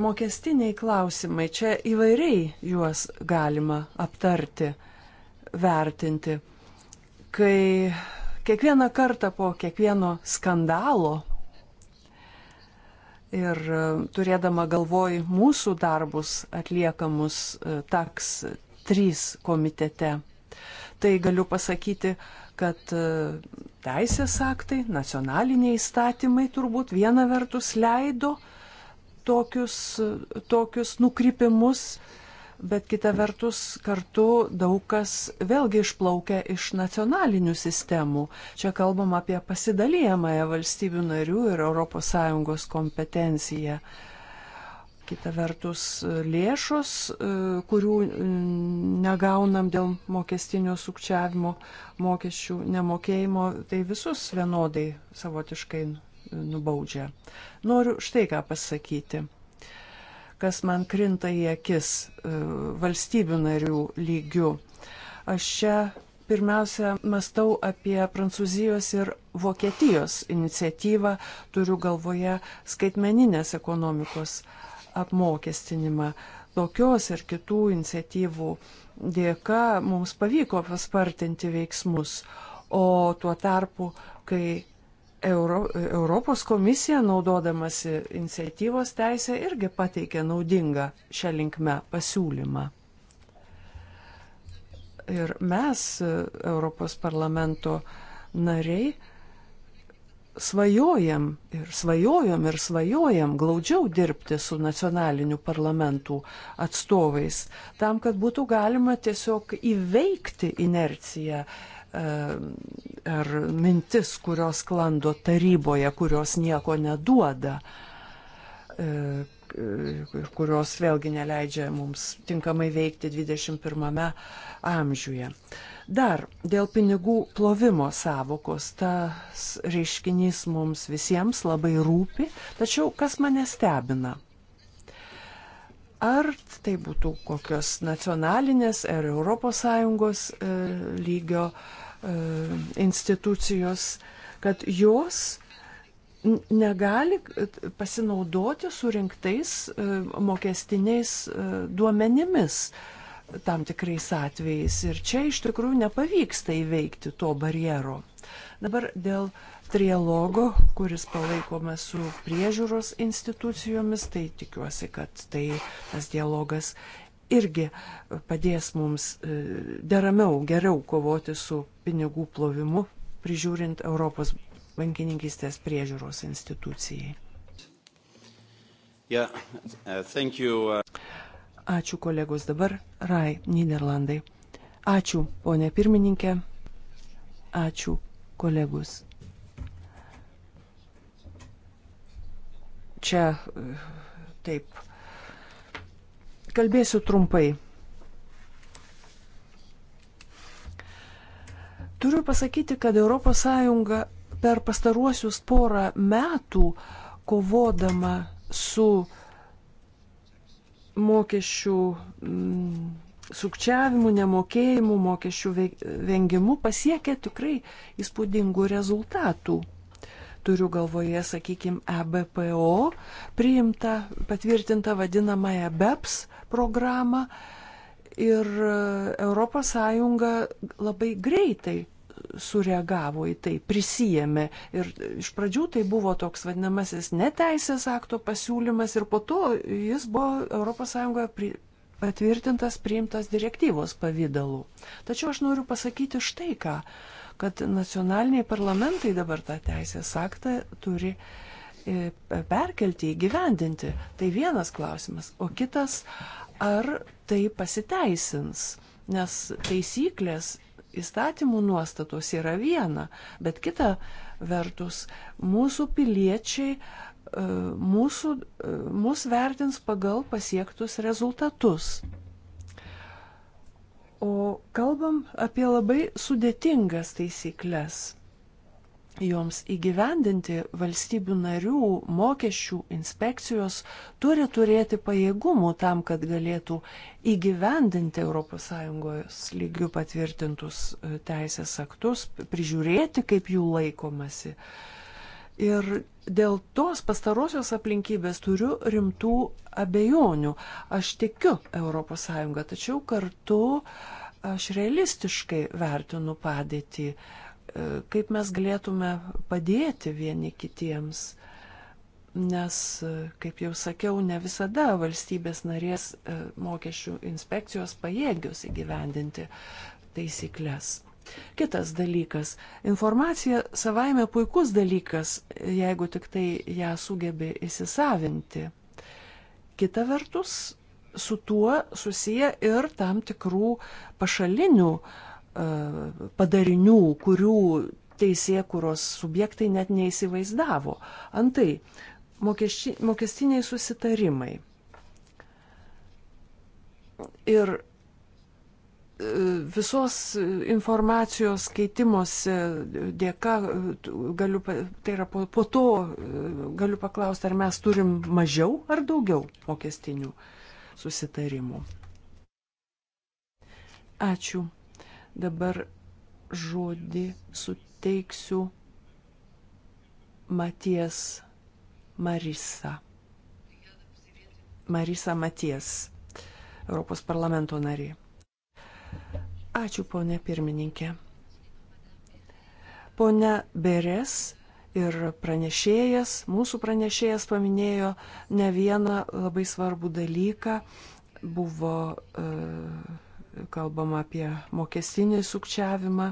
mokestiniai klausimai, čia įvairiai juos galima aptarti, vertinti. Kai kiekvieną kartą po kiekvieno skandalo ir e, turėdama galvoj mūsų darbus atliekamus e, TAX 3 komitete, tai galiu pasakyti, kad e, teisės aktai, nacionaliniai įstatymai turbūt viena vertus leido, tokius, tokius nukrypimus, bet kita vertus kartu daug kas vėlgi išplaukia iš nacionalinių sistemų. Čia kalbam apie pasidalėjamąją valstybių narių ir ES kompetenciją kita vertus lėšos, e, kurių negaunam dėl mokestinio sukčiavimo, mokesčių nemokėjimo, tai visus vienodai savotiškai nubaudžia. Noriu štai ką pasakyti kas man krinta į akis e, valstybių narių lygių. Aš čia pirmiausia mastau apie Prancūzijos ir Vokietijos iniciatyvą, turiu galvoje skaitmeninės ekonomikos apmokestinimą. Tokios ir kitų iniciatyvų dėka mums pavyko paspartinti veiksmus, o tuo tarpu, kai Euro, Europos komisija, naudodamasi iniciatyvos teisę, irgi pateikė naudingą šią linkmę pasiūlymą. Ir mes, Europos parlamento nariai, svajojam ir svajojam ir svajojam glaudžiau dirbti su nacionaliniu parlamentų atstovais, tam, kad būtų galima tiesiog įveikti inerciją E, ar mintis, kurios klando taryboje, kurios nieko neduoda, e, e, kurios vėlgi neleidžia mums tinkamai veikti 21 amžiuje. Dar dėl pinigų plovimo savokos tas reiškinys mums visiems labai rūpi, tačiau kas mane stebina? Ar tai būtų kokios nacionalinės ar ES lygio uh, E, institucijos, kad jos negali pasinaudoti surinktais e, mokestiniais e, duomenimis tam tikrais atvejais. Ir čia iš tikrųjų nepavyksta įveikti to barjero. Dabar dėl trialogo, kuris palaikomas su priežiūros institucijomis, tai tikiuosi, kad tai tas dialogas irgi padės mums e, deramiau, geriau kovoti su pinigų plovimu, prižiūrint Europos bankininkystės priežiūros institucijai. Yeah, uh, thank you. Uh. Ačiū kolegos dabar, Rai, Niderlandai. Ačiū, ponė pirmininkė. Ačiū, kolegos. Čia uh, taip Kalbėsiu trumpai. Turiu pasakyti, kad ES per pastaruosius porą metų kovodama su mokesčių mm, sukčiavimu, nemokėjimu, mokesčių vengimu pasiekė tikrai įspūdingų rezultatų turiu galvoje, sakykime, EBPO, priimta, patvirtinta vadinamąją BEPS programą ir ES labai greitai sureagavo į tai, prisijėmė. Ir iš pradžių tai buvo toks vadinamasis neteisės akto pasiūlymas ir po to jis buvo ES pri, patvirtintas, priimtas direktyvos pavydalu. Tačiau aš noriu pasakyti štai ką kad nacionaliniai parlamentai dabar tą teisės aktą turi e, perkelti, įgyvendinti. Tai vienas klausimas. O kitas, ar tai pasiteisins, nes taisyklės įstatymų nuostatos yra viena, bet kita vertus, mūsų piliečiai e, mūsų, e, mūsų vertins pagal pasiektus rezultatus. O kalbam apie labai sudėtingas taisyklės. Joms įgyvendinti valstybių narių mokesčių inspekcijos turi turėti pajėgumų tam, kad galėtų įgyvendinti ES lygių patvirtintus e, teisės aktus, prižiūrėti, kaip jų laikomasi. Uh, Ir dėl tos pastarosios aplinkybės turiu rimtų abejonių. Aš tikiu ES, tačiau kartu aš realistiškai vertinu padėtį, e, kaip mes galėtume padėti vieni kitiems. Nes, e, kaip jau sakiau, ne visada valstybės narės e, mokesčių inspekcijos pajėgios įgyvendinti taisyklės. Kitas dalykas. Informacija savaime puikus dalykas, jeigu tik tai ją sugebi įsisavinti. Kita vertus, su tuo susiję ir tam tikrų pašalinių e, padarinių, kurių teisėkuros subjektai net neįsivaizdavo. Antai, mokestiniai susitarimai. Ir visos informacijos keitimosi dėka galiu, tai yra po, po to galiu paklausti, ar mes turim mažiau ar daugiau mokestinių susitarimų. Ačiū. Dabar žodį suteiksiu Matijas Marisa. Marisa Matijas, Europos parlamento narė. Ačiū, ponė pirmininkė. Pone Beres ir pranešėjas, mūsų pranešėjas paminėjo ne vieną labai svarbų dalyką. Buvo e, kalbama apie mokestinį sukčiavimą.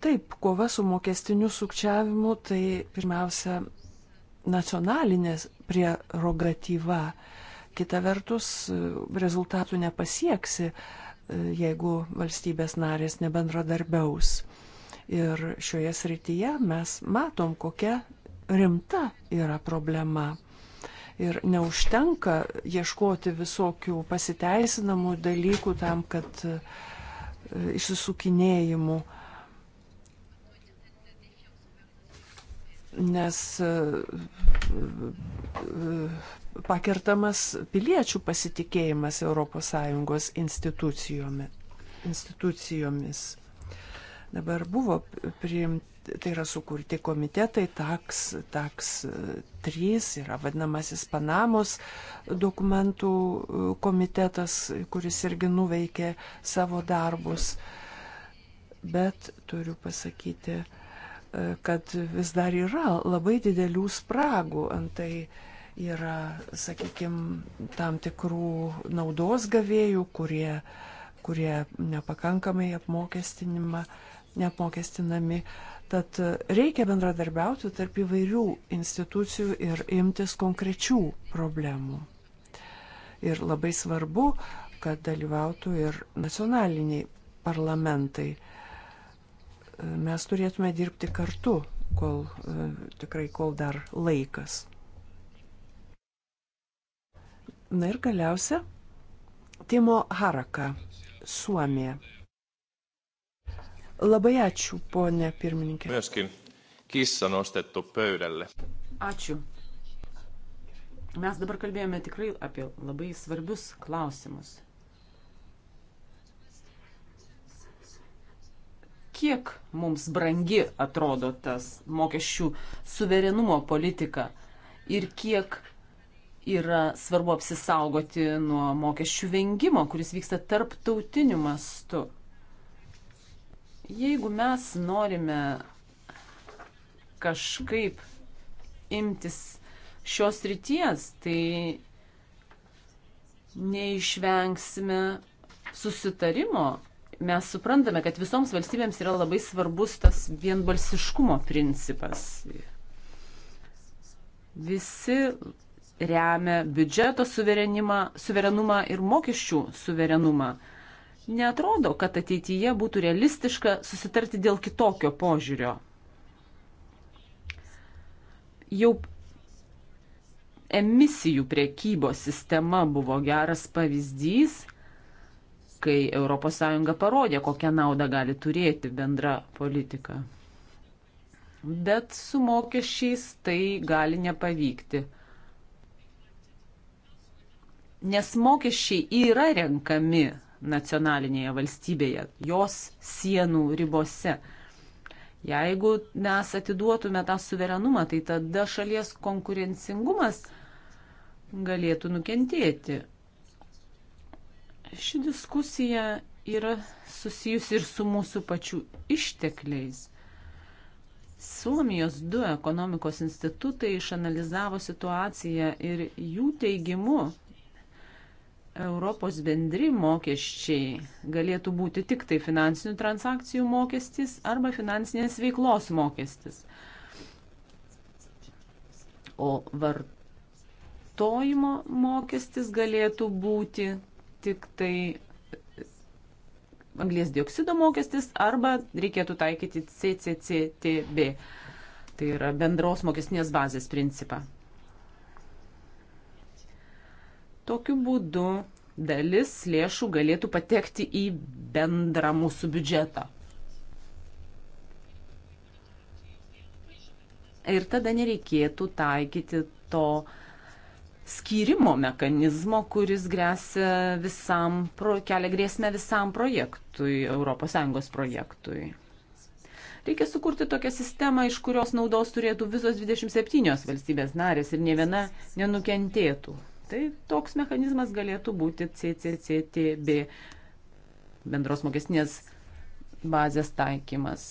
Taip, kova su mokestiniu sukčiavimu tai pirmiausia nacionalinės prerogatyva. Kita vertus, rezultatų nepasieksi jeigu valstybės narės nebendradarbiaus. Ir šioje srityje mes matom, kokia rimta yra problema. Ir neužtenka ieškoti visokių pasiteisinamų dalykų tam, kad e, išsisukinėjimų uh, nes e, e, pakertamas piliečių pasitikėjimas ES institucijomis. Dabar buvo priimti, tai yra sukurti komitetai, TAX, TAX 3 yra vadinamasis Panamos dokumentų e, komitetas, kuris irgi nuveikė savo darbus. Bet turiu pasakyti, E, kad vis dar yra labai didelių spragų. Antai yra, sakykime, tam tikrų naudos gavėjų, kurie, kurie nepakankamai neapmokestinami. Tad reikia bendradarbiauti tarp įvairių institucijų ir imtis konkrečių problemų. Ir labai svarbu, kad dalyvautų ir nacionaliniai parlamentai mes turėtume dirbti kartu, kol e, tikrai kol dar laikas. Na ir galiausia, Timo Haraka, Suomija. Labai ačiū, ponė pirmininkė. Myöskin kissa nostettu pöydälle. Ačiū. Mes dabar kalbėjome tikrai apie labai svarbius klausimus. kiek mums brangi atrodo tas mokesčių suverenumo politika ir kiek yra svarbu apsisaugoti nuo mokesčių vengimo, kuris vyksta tarptautiniu mastu. Jeigu mes norime kažkaip imtis šios ryties, tai neišvengsime susitarimo mes suprantame, kad visoms valstybėms yra labai svarbus tas vienbalsiškumo principas. Visi remia biudžeto suverenumą ir mokesčių suverenumą. Netrodo, kad ateityje būtų realistiška susitarti dėl kitokio požiūrio. Jau emisijų priekybos sistema buvo geras pavyzdys – kai ES parodė, kokią naudą gali turėti bendra politika. Bet su mokesčiais tai gali nepavykti. Nes mokesčiai yra renkami nacionalinėje valstybėje, jos sienų ribose. Jeigu mes atiduotume tą suverenumą, tai tada šalies konkurencingumas galėtų nukentėti. Ši diskusija yra susijusi ir su mūsų pačių ištekliais. Suomijos du ekonomikos institutai išanalizavo situaciją ir jų teigimu Europos bendri mokesčiai galėtų būti tik tai finansinių transakcijų mokestis arba finansinės veiklos mokestis. O vartojimo mokestis galėtų būti tik tai anglės dioksido mokestis arba reikėtų taikyti CCCTB, tai yra bendros mokestinės bazės principą. Tokiu būdu dalis lėšų galėtų patekti į bendrą mūsų biudžetą. Ir tada nereikėtų taikyti to, uh, skyrimo mechanizmo, kuris grėsia visam, kelia grėsmę visam projektui, ES projektui. Reikia sukurti tokią sistemą, iš kurios naudos turėtų visos 27 valstybės narės ir ne viena nenukentėtų. Tai toks mechanizmas galėtų būti CCCTB bendros mokestinės bazės taikymas.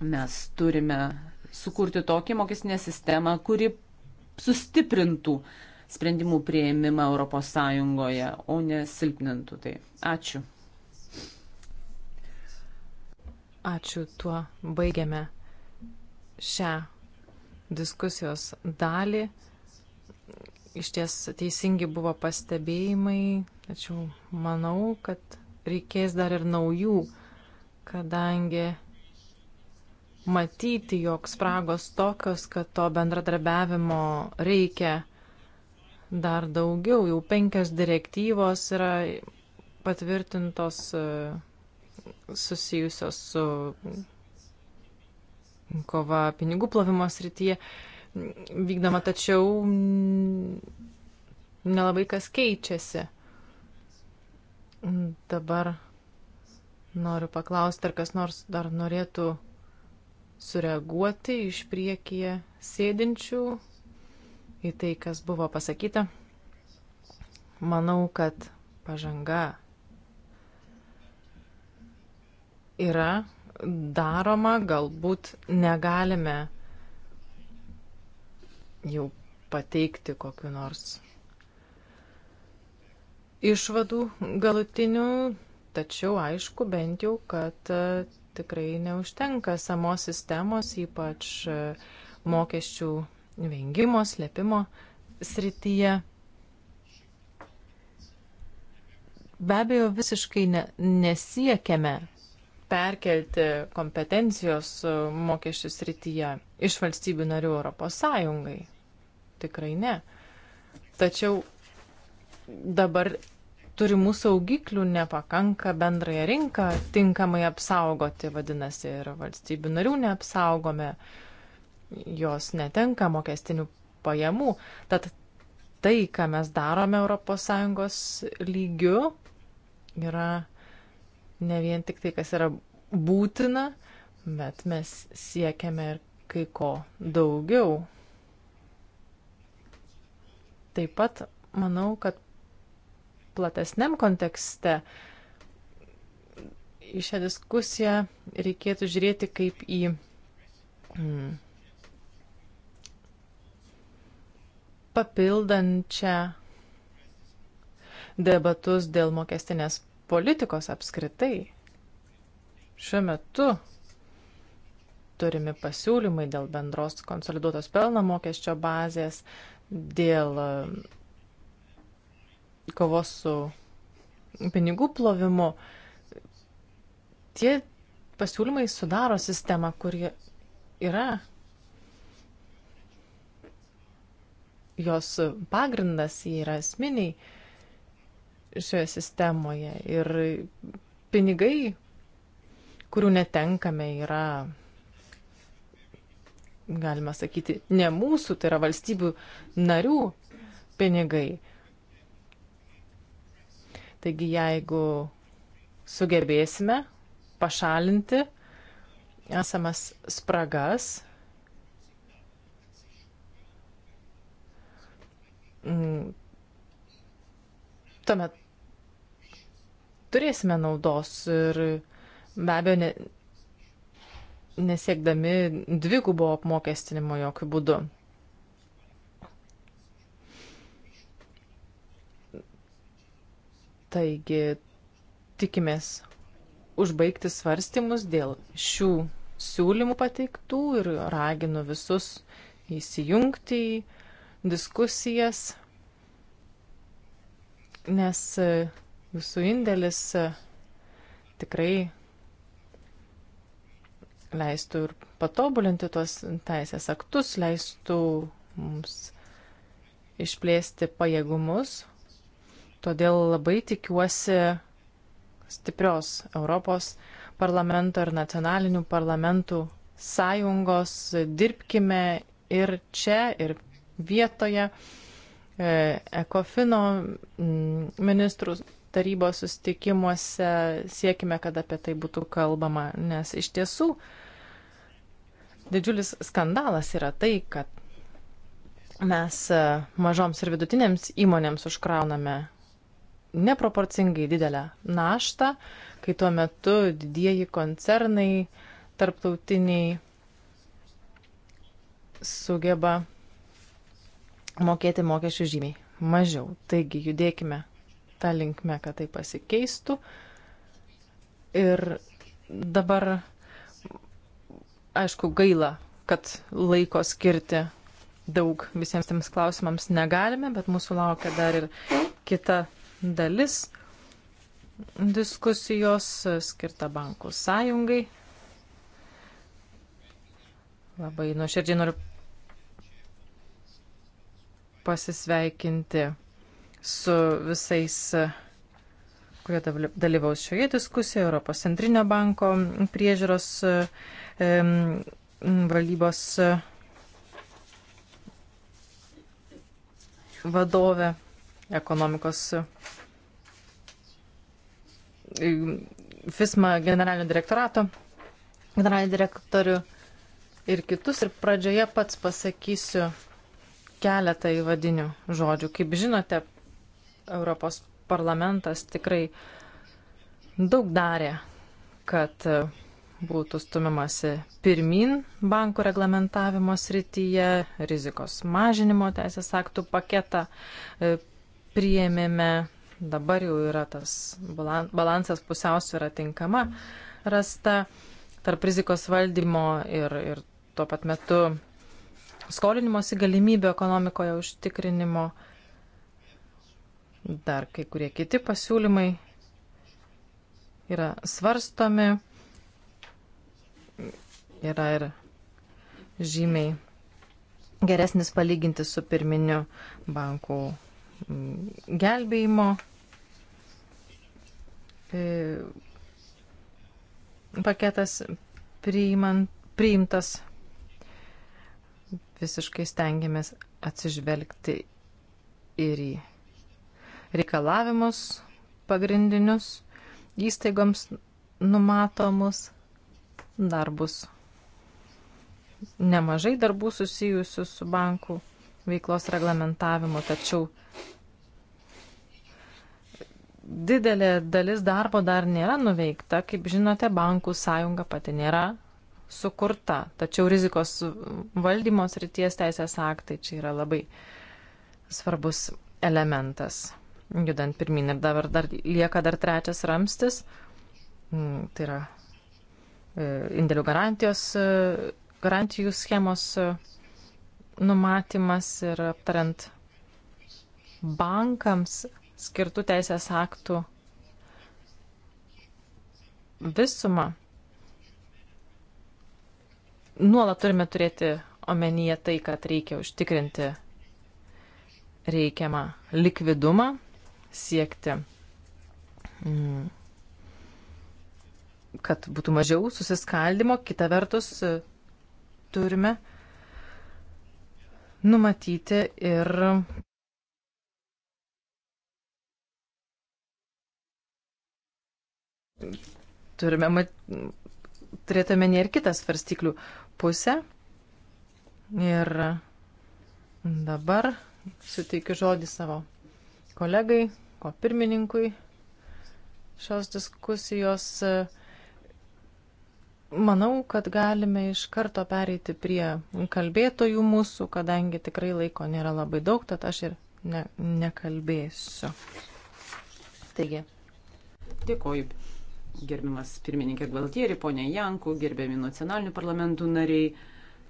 Mes turime sukurti tokią mokestinę sistemą, kuri sustiprintų sprendimų prieimimą ES, o ne silpnintų tai. Ačiū. Ačiū, tuo baigiame šią diskusijos dalį. Iš ties teisingi buvo pastebėjimai, tačiau manau, kad reikės dar ir naujų, kadangi matyti, jog spragos tokios, kad to bendradarbiavimo reikia dar daugiau. Jau penkios direktyvos yra patvirtintos e, susijusios su kova pinigų plovimo srityje vykdoma, tačiau nelabai kas keičiasi. Dabar noriu paklausti, ar kas nors dar norėtų sureaguoti iš priekyje sėdinčių į tai, kas buvo pasakyta. Manau, kad pažanga yra daroma, galbūt negalime jau pateikti kokiu nors išvadų galutinių, tačiau aišku bent jau, kad tikrai neužtenka samos sistemos, ypač e, mokesčių vengimo, slėpimo srityje. Be abejo, visiškai ne, nesiekiame perkelti kompetencijos e, mokesčių srityje iš valstybių narių Europos Sąjungai. Tikrai ne. Tačiau dabar turimų saugiklių nepakanka bendrąją rinką tinkamai apsaugoti, vadinasi, ir valstybių narių neapsaugome, jos netenka mokestinių pajamų. Tad tai, ką mes darome ES lygiu, yra ne vien tik tai, kas yra būtina, bet mes siekiame ir kai ko daugiau. Taip pat manau, kad platesniam kontekste į šią diskusiją reikėtų žiūrėti kaip į mm, papildančią debatus dėl mokestinės politikos apskritai. Šiuo metu turimi pasiūlymai dėl bendros konsoliduotos pelno mokesčio bazės, dėl kovos su pinigų plovimu, tie pasiūlymai sudaro sistemą, kuri yra jos pagrindas, jie yra esminiai šioje sistemoje. Ir pinigai, kurių netenkame, yra, galima sakyti, ne mūsų, tai yra valstybių narių pinigai. Taigi jeigu sugebėsime pašalinti esamas spragas, mm, tuomet turėsime naudos ir be abejo ne, nesiekdami dvigubo apmokestinimo jokių būdų. Taigi tikimės užbaigti svarstymus dėl šių siūlymų pateiktų ir raginu visus įsijungti į diskusijas, nes jūsų indėlis tikrai leistų ir patobulinti tuos teisės aktus, leistų mums išplėsti pajėgumus Todėl labai tikiuosi stiprios Europos parlamento ir nacionalinių parlamentų sąjungos. Dirbkime ir čia, ir vietoje. E, Ekofino mm, ministrų tarybos sustikimuose siekime, kad apie tai būtų kalbama, nes iš tiesų didžiulis skandalas yra tai, kad mes e, mažoms ir vidutinėms įmonėms užkrauname neproporcingai didelę naštą, kai tuo metu didieji koncernai, tarptautiniai sugeba mokėti mokesčių žymiai mažiau. Taigi judėkime tą linkmę, kad tai pasikeistų. Ir dabar, aišku, gaila, kad laiko skirti daug visiems tiems klausimams negalime, bet mūsų laukia dar ir kita dalis diskusijos skirta bankų sąjungai. Labai nuoširdžiai noriu pasisveikinti su visais, kurie dalyvaus šioje diskusijoje, Europos centrinio banko priežiūros valdybos vadovę ekonomikos e, FISMA generalinio direktorato, generalinį direktorių ir kitus. Ir pradžioje pats pasakysiu keletą įvadinių žodžių. Kaip žinote, Europos parlamentas tikrai daug darė, kad būtų stumimasi pirmin bankų reglamentavimo srityje, rizikos mažinimo teisės aktų paketą e, priėmėme, dabar jau yra tas balansas pusiausvėra tinkama rasta tarp rizikos valdymo ir, ir tuo pat metu skolinimosi galimybių ekonomikoje užtikrinimo. Dar kai kurie kiti pasiūlymai yra svarstomi. Yra ir žymiai geresnis palyginti su pirminiu bankų gelbėjimo e, paketas priimant, priimtas. Visiškai stengiamės atsižvelgti ir į reikalavimus pagrindinius įstaigoms numatomus darbus. Nemažai darbų susijusių su bankų veiklos reglamentavimo, tačiau didelė dalis darbo dar nėra nuveikta. Kaip žinote, bankų sąjunga pati nėra sukurta, tačiau rizikos valdymos ryties teisės aktai čia yra labai svarbus elementas, judant pirmin. Ir dabar dar lieka dar trečias ramstis, mm, tai yra e, indėlių garantijos, e, garantijų schemos e, numatymas ir aptariant bankams skirtų teisės aktų visumą, nuolat turime turėti omenyje tai, kad reikia užtikrinti reikiamą likvidumą, siekti, mm, kad būtų mažiau susiskaldimo. Kita vertus, turime numatyti ir turime mat... turėtume ne ir kitą svarstyklių pusę. Ir dabar suteikiu žodį savo kolegai, ko pirmininkui šios diskusijos. Uh, Manau, kad galime iš karto pereiti prie kalbėtojų mūsų, kadangi tikrai laiko nėra labai daug, tad aš ir ne, nekalbėsiu. Taigi. Dėkoju, gerbimas pirmininkė Gvaltieri, ponė Jankų, gerbiami nacionalinių parlamentų nariai.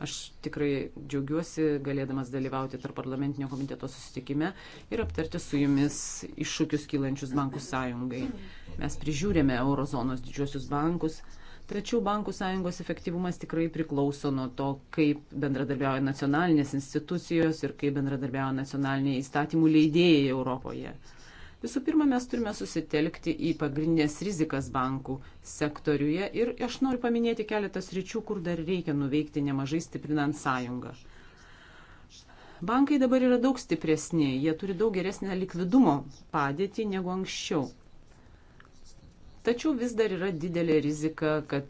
Aš tikrai džiaugiuosi galėdamas dalyvauti tarp parlamentinio komiteto susitikime ir aptarti su jumis iššūkius kylančius bankų sąjungai. Mes prižiūrėme eurozonos didžiuosius bankus Tačiau bankų sąjungos efektyvumas tikrai priklauso nuo to, kaip bendradarbiauja nacionalinės institucijos ir kaip bendradarbiauja nacionaliniai įstatymų leidėjai Europoje. Visų pirma, mes turime susitelkti į pagrindinės rizikas bankų sektoriuje ir aš noriu paminėti keletas ryčių, kur dar reikia nuveikti nemažai stiprinant sąjungą. Bankai dabar yra daug stipresni, jie turi daug geresnę likvidumo padėtį negu anksčiau. Tačiau vis dar yra didelė rizika, kad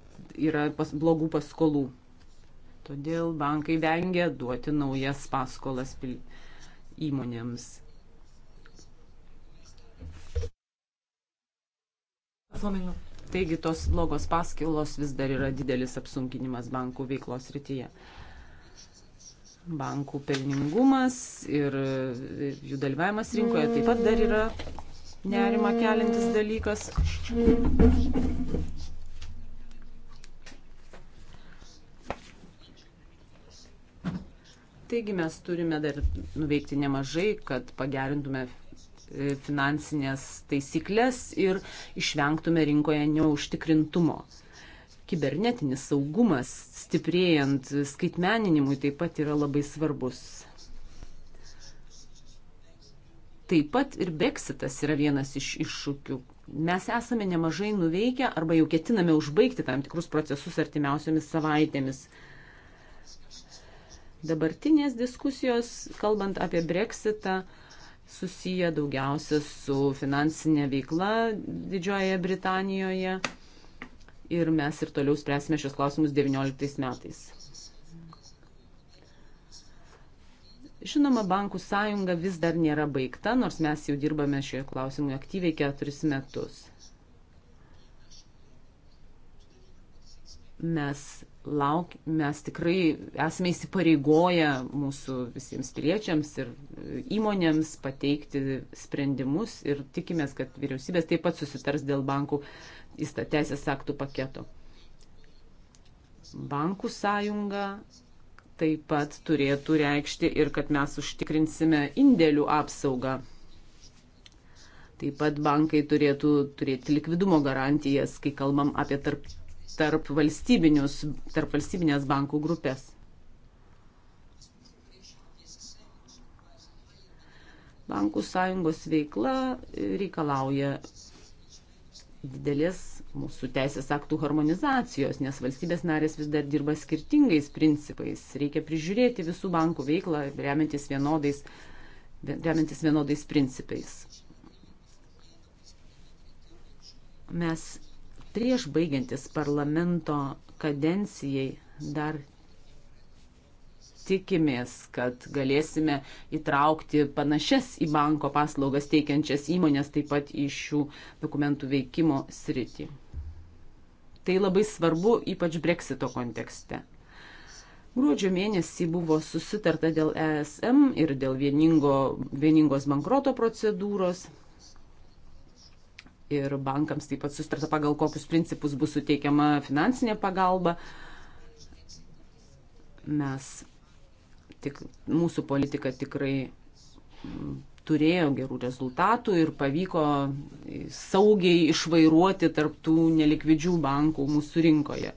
yra pas, blogų paskolų. Todėl bankai vengia duoti naujas paskolas pil, įmonėms. Suomenų. Taigi tos blogos paskilos vis dar yra didelis apsunkinimas bankų veiklos rytyje. Bankų pelningumas ir jų dalyvavimas rinkoje taip pat dar yra nerima keliantis dalykas. Taigi mes turime dar nuveikti nemažai, kad pagerintume e, finansinės taisyklės ir išvengtume rinkoje neužtikrintumo. Kibernetinis saugumas stiprėjant skaitmeninimui taip pat yra labai svarbus. Taip pat ir Brexitas yra vienas iš iššūkių. Mes esame nemažai nuveikę arba jau ketiname užbaigti tam tikrus procesus artimiausiomis savaitėmis. Dabartinės diskusijos, kalbant apie Brexitą, susiję daugiausia su finansinė veikla Didžiojoje Britanijoje ir mes ir toliau spręsime šios klausimus 19 metais. Žinoma, bankų sąjunga vis dar nėra baigta, nors mes jau dirbame šioje klausimui aktyviai keturis metus. Mes, lauk, mes tikrai esame įsipareigoję mūsų visiems piliečiams ir įmonėms pateikti sprendimus ir tikimės, kad vyriausybės taip pat susitars dėl bankų teisės aktų paketo. Bankų sąjunga taip pat turėtų reikšti ir kad mes užtikrinsime indėlių apsaugą. Taip pat bankai turėtų turėti likvidumo garantijas, kai kalbam apie tarp, tarp, tarp valstybinės bankų grupės. Bankų sąjungos veikla reikalauja didelės mūsų teisės aktų harmonizacijos, nes valstybės narės vis dar dirba skirtingais principais. Reikia prižiūrėti visų bankų veiklą, remiantis vienodais, remiantis vienodais principais. Mes prieš baigiantis parlamento kadencijai dar tikimės, kad galėsime įtraukti panašias į banko paslaugas teikiančias įmonės taip pat į šių dokumentų veikimo sritį. Tai labai svarbu, ypač breksito kontekste. Gruodžio mėnesį buvo susitarta dėl ESM ir dėl vieningo, vieningos bankroto procedūros. Ir bankams taip pat susitarta, pagal kokius principus bus suteikiama finansinė pagalba. Mes tik, mūsų politika tikrai turėjo gerų rezultatų ir pavyko e, saugiai išvairuoti tarptų nelikvidžių bankų mūsų rinkoje.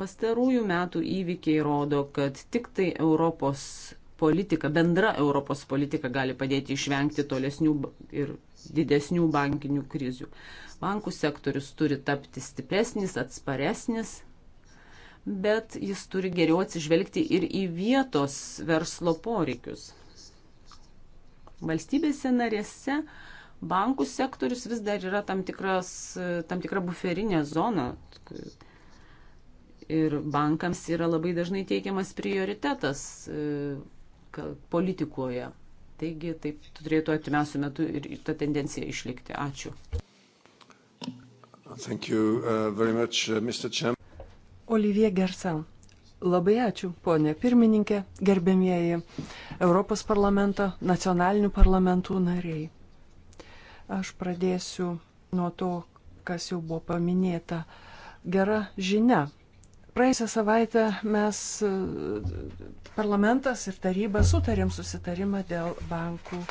Pastarųjų metų įvykiai rodo, kad tik tai Europos politika, bendra Europos politika gali padėti išvengti tolesnių ir didesnių bankinių krizių. Bankų sektorius turi tapti stipresnis, atsparesnis bet jis turi geriau atsižvelgti ir į vietos verslo poreikius. Valstybėse narėse bankų sektorius vis dar yra tam, tikras, tam tikra buferinė zona. Ir bankams yra labai dažnai teikiamas prioritetas e, politikoje. Taigi taip turėtų artimiausių metų ir ta tendencija išlikti. Ačiū. Thank you uh, very much, uh, Mr. Chairman. Olivier Gersan. Labai ačiū, ponė pirmininkė, gerbėmieji Europos parlamento, nacionalinių parlamentų nariai. Aš pradėsiu nuo to, kas jau buvo paminėta. Gera žinia. Praėjusią savaitę mes e, parlamentas ir taryba sutarėm susitarimą dėl bankų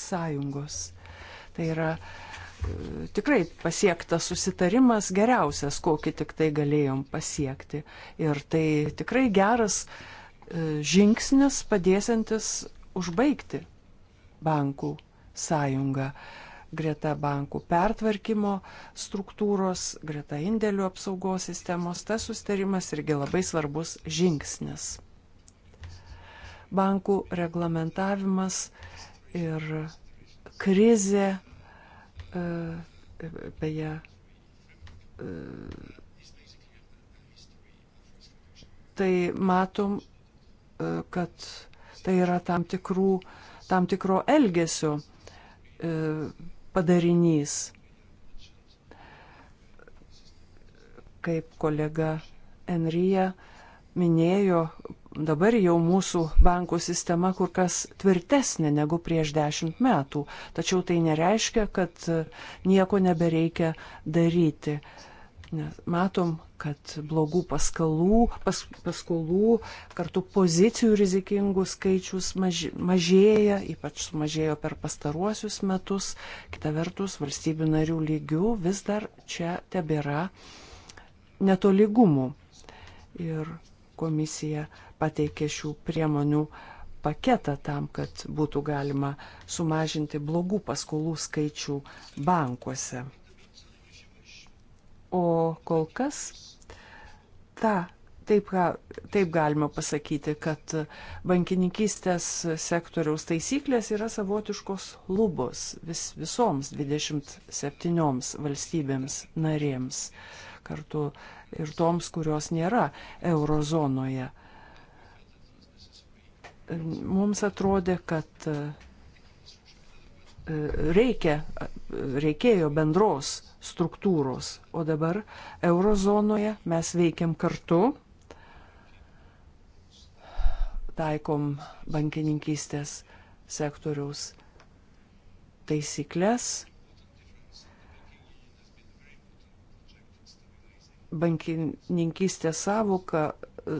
sąjungos. Tai yra tikrai pasiektas susitarimas geriausias, kokį tik tai galėjom pasiekti. Ir tai tikrai geras e, žingsnis padėsantis užbaigti bankų sąjungą greta bankų pertvarkymo struktūros, greta indėlių apsaugos sistemos, tas sustarimas irgi labai svarbus žingsnis. Bankų reglamentavimas ir krizė E, beje, e, tai matom, e, kad tai yra tam, tikrų, tam tikro elgesio padarinys. Kaip kolega Enrija minėjo, dabar jau mūsų bankų sistema kur kas tvirtesnė negu prieš dešimt metų, tačiau tai nereiškia, kad e, nieko nebereikia daryti. Nes matom, kad blogų paskalų, pas, paskolų, kartu pozicijų rizikingų skaičius maž, mažėja, ypač sumažėjo per pastaruosius metus. Kita vertus, valstybių narių lygių vis dar čia tebėra netolygumų. Ir komisija pateikė šių priemonių paketą tam, kad būtų galima sumažinti blogų paskolų skaičių bankuose. O kol kas ta, taip, taip galima pasakyti, kad bankininkystės sektoriaus taisyklės yra savotiškos lubos vis, visoms 27 valstybėms narėms kartu ir toms, kurios nėra eurozonoje mums atrodė, kad e, reikia, reikėjo bendros struktūros, o dabar eurozonoje mes veikiam kartu, taikom bankininkystės sektoriaus taisyklės, bankininkystės savoka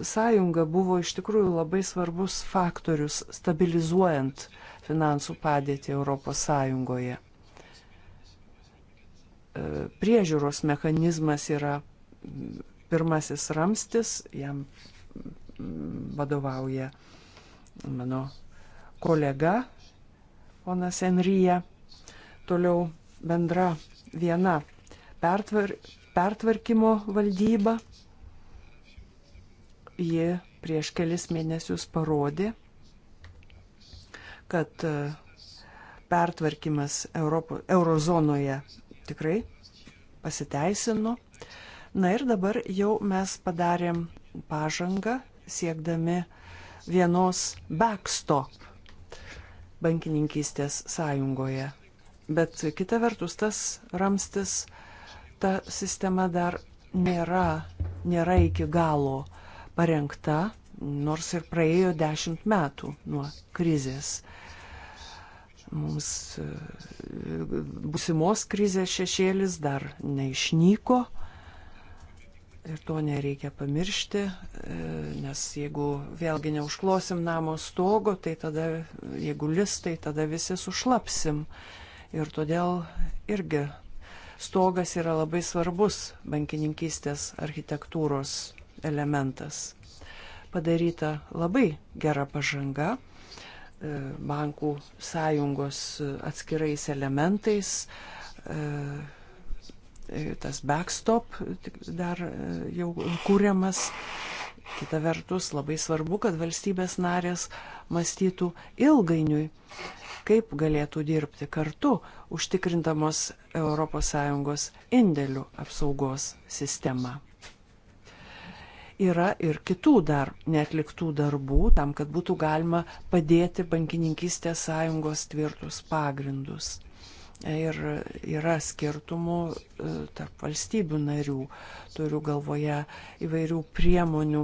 sąjunga buvo iš tikrųjų labai svarbus faktorius stabilizuojant finansų padėtį Europos Sąjungoje. E, priežiūros mechanizmas yra pirmasis ramstis, jam vadovauja mano kolega ponas Enryje. Toliau bendra viena pertvar, pertvarkymo valdyba ji prieš kelis mėnesius parodė, kad e, pertvarkymas Europo, eurozonoje tikrai pasiteisino. Na ir dabar jau mes padarėm pažangą siekdami vienos backstop bankininkystės sąjungoje. Bet kita vertus, tas ramstis, ta sistema dar nėra, nėra iki galo uh, parengta, nors ir praėjo dešimt metų nuo krizės. Mums e, busimos krizės šešėlis dar neišnyko ir to nereikia pamiršti, e, nes jeigu vėlgi neužklosim namo stogo, tai tada, jeigu lis, tai tada visi sušlapsim. Ir todėl irgi stogas yra labai svarbus bankininkystės architektūros elementas. Padaryta labai gera pažanga e, bankų sąjungos atskirais elementais. E, e, tas backstop dar jau kūriamas. Kita vertus, labai svarbu, kad valstybės narės mąstytų ilgainiui, kaip galėtų dirbti kartu, užtikrintamos ES indėlių apsaugos sistemą yra ir kitų dar netliktų darbų tam, kad būtų galima padėti bankininkystės sąjungos tvirtus pagrindus. Ir yra skirtumų e, tarp valstybių narių. Turiu galvoje įvairių priemonių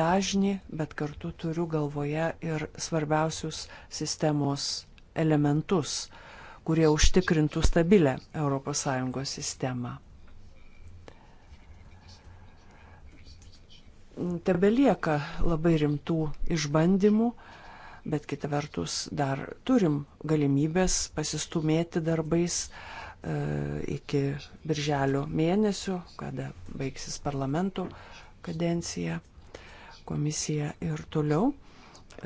dažnį, bet kartu turiu galvoje ir svarbiausius sistemos elementus, kurie užtikrintų stabilę ES sistemą. tebelieka labai rimtų išbandymų, bet kita vertus dar turim galimybės pasistumėti darbais e, iki birželio mėnesio, kada baigsis parlamento kadencija, komisija ir toliau e,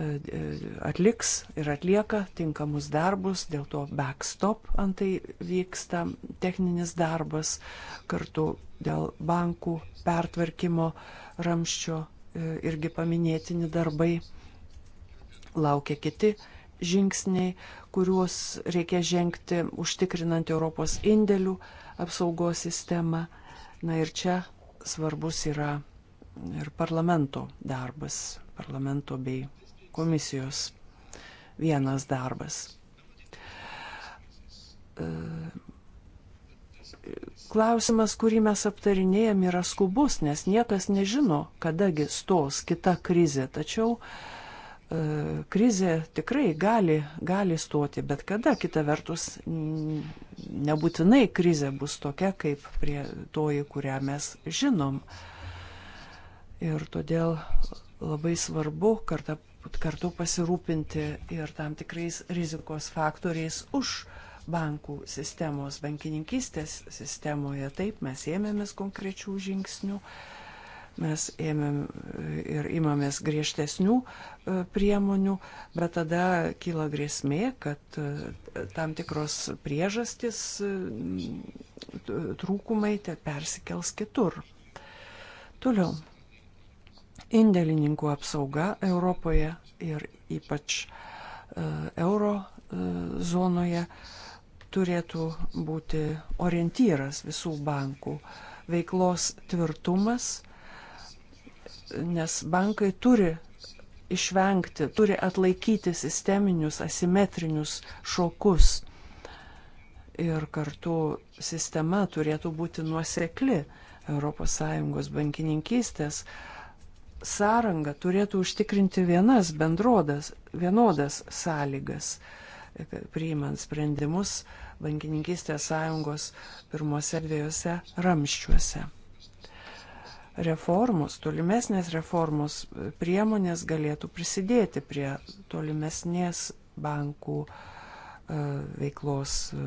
e, atliks ir atlieka tinkamus darbus, dėl to backstop antai vyksta techninis darbas kartu dėl bankų pertvarkymo, uh, ramščio e, irgi paminėtini darbai. Laukia kiti žingsniai, kuriuos reikia žengti užtikrinant Europos indėlių apsaugos sistemą. Na ir čia svarbus yra ir parlamento darbas, parlamento bei komisijos vienas darbas. E, klausimas, kurį mes aptarinėjom, yra skubus, nes niekas nežino, kadagi stos kita krizė. Tačiau e, krizė tikrai gali, gali stoti, bet kada kita vertus nebūtinai krizė bus tokia, kaip prie toji, kurią mes žinom. Ir todėl labai svarbu kartą, kartu pasirūpinti ir tam tikrais rizikos faktoriais už uh, bankų sistemos, bankininkystės sistemoje. Taip, mes ėmėmės konkrečių žingsnių, mes ėmėm ir imamės griežtesnių e, priemonių, bet tada kyla grėsmė, kad e, tam tikros priežastis, e, trūkumai persikels kitur. Toliau. Indėlininkų apsauga Europoje ir ypač euro zonoje uh, turėtų būti orientyras visų bankų - veiklos tvirtumas, nes bankai turi išvengti, turi atlaikyti sisteminius asimetrinius šokus. Ir kartu sistema turėtų būti nuosekli. ES bankininkystės sąranga turėtų užtikrinti vienas bendrodas, vienodas sąlygas priimant sprendimus bankininkystės sąjungos pirmose dviejose ramščiuose. Reformos, tolimesnės reformos priemonės galėtų prisidėti prie tolimesnės bankų e, veiklos e,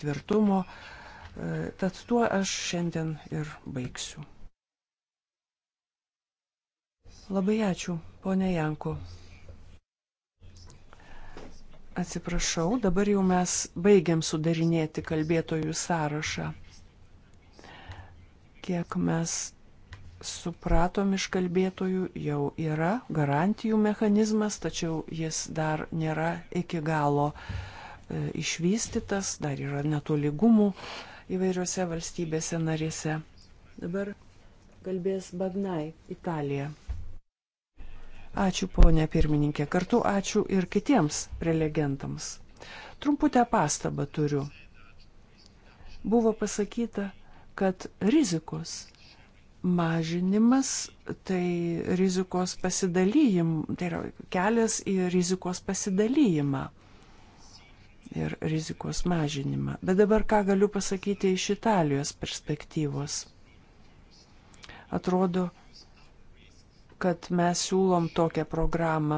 tvirtumo. E, tad tuo aš šiandien ir baigsiu. Labai ačiū, ponė Janko. Atsiprašau, dabar jau mes baigiam sudarinėti kalbėtojų sąrašą. Kiek mes supratom iš kalbėtojų, jau yra garantijų mechanizmas, tačiau jis dar nėra iki galo e, išvystytas, dar yra netolygumų įvairiose valstybėse narėse. Dabar kalbės Bagnai, Italija. Ačiū ponė pirmininkė. Kartu ačiū ir kitiems prelegentams. Trumputę pastabą turiu. Buvo pasakyta, kad rizikos mažinimas tai rizikos pasidalyjim, tai yra kelias į rizikos pasidalyjimą ir rizikos mažinimą. Bet dabar ką galiu pasakyti iš Italijos perspektyvos. Atrodo, kad mes siūlom tokią programą.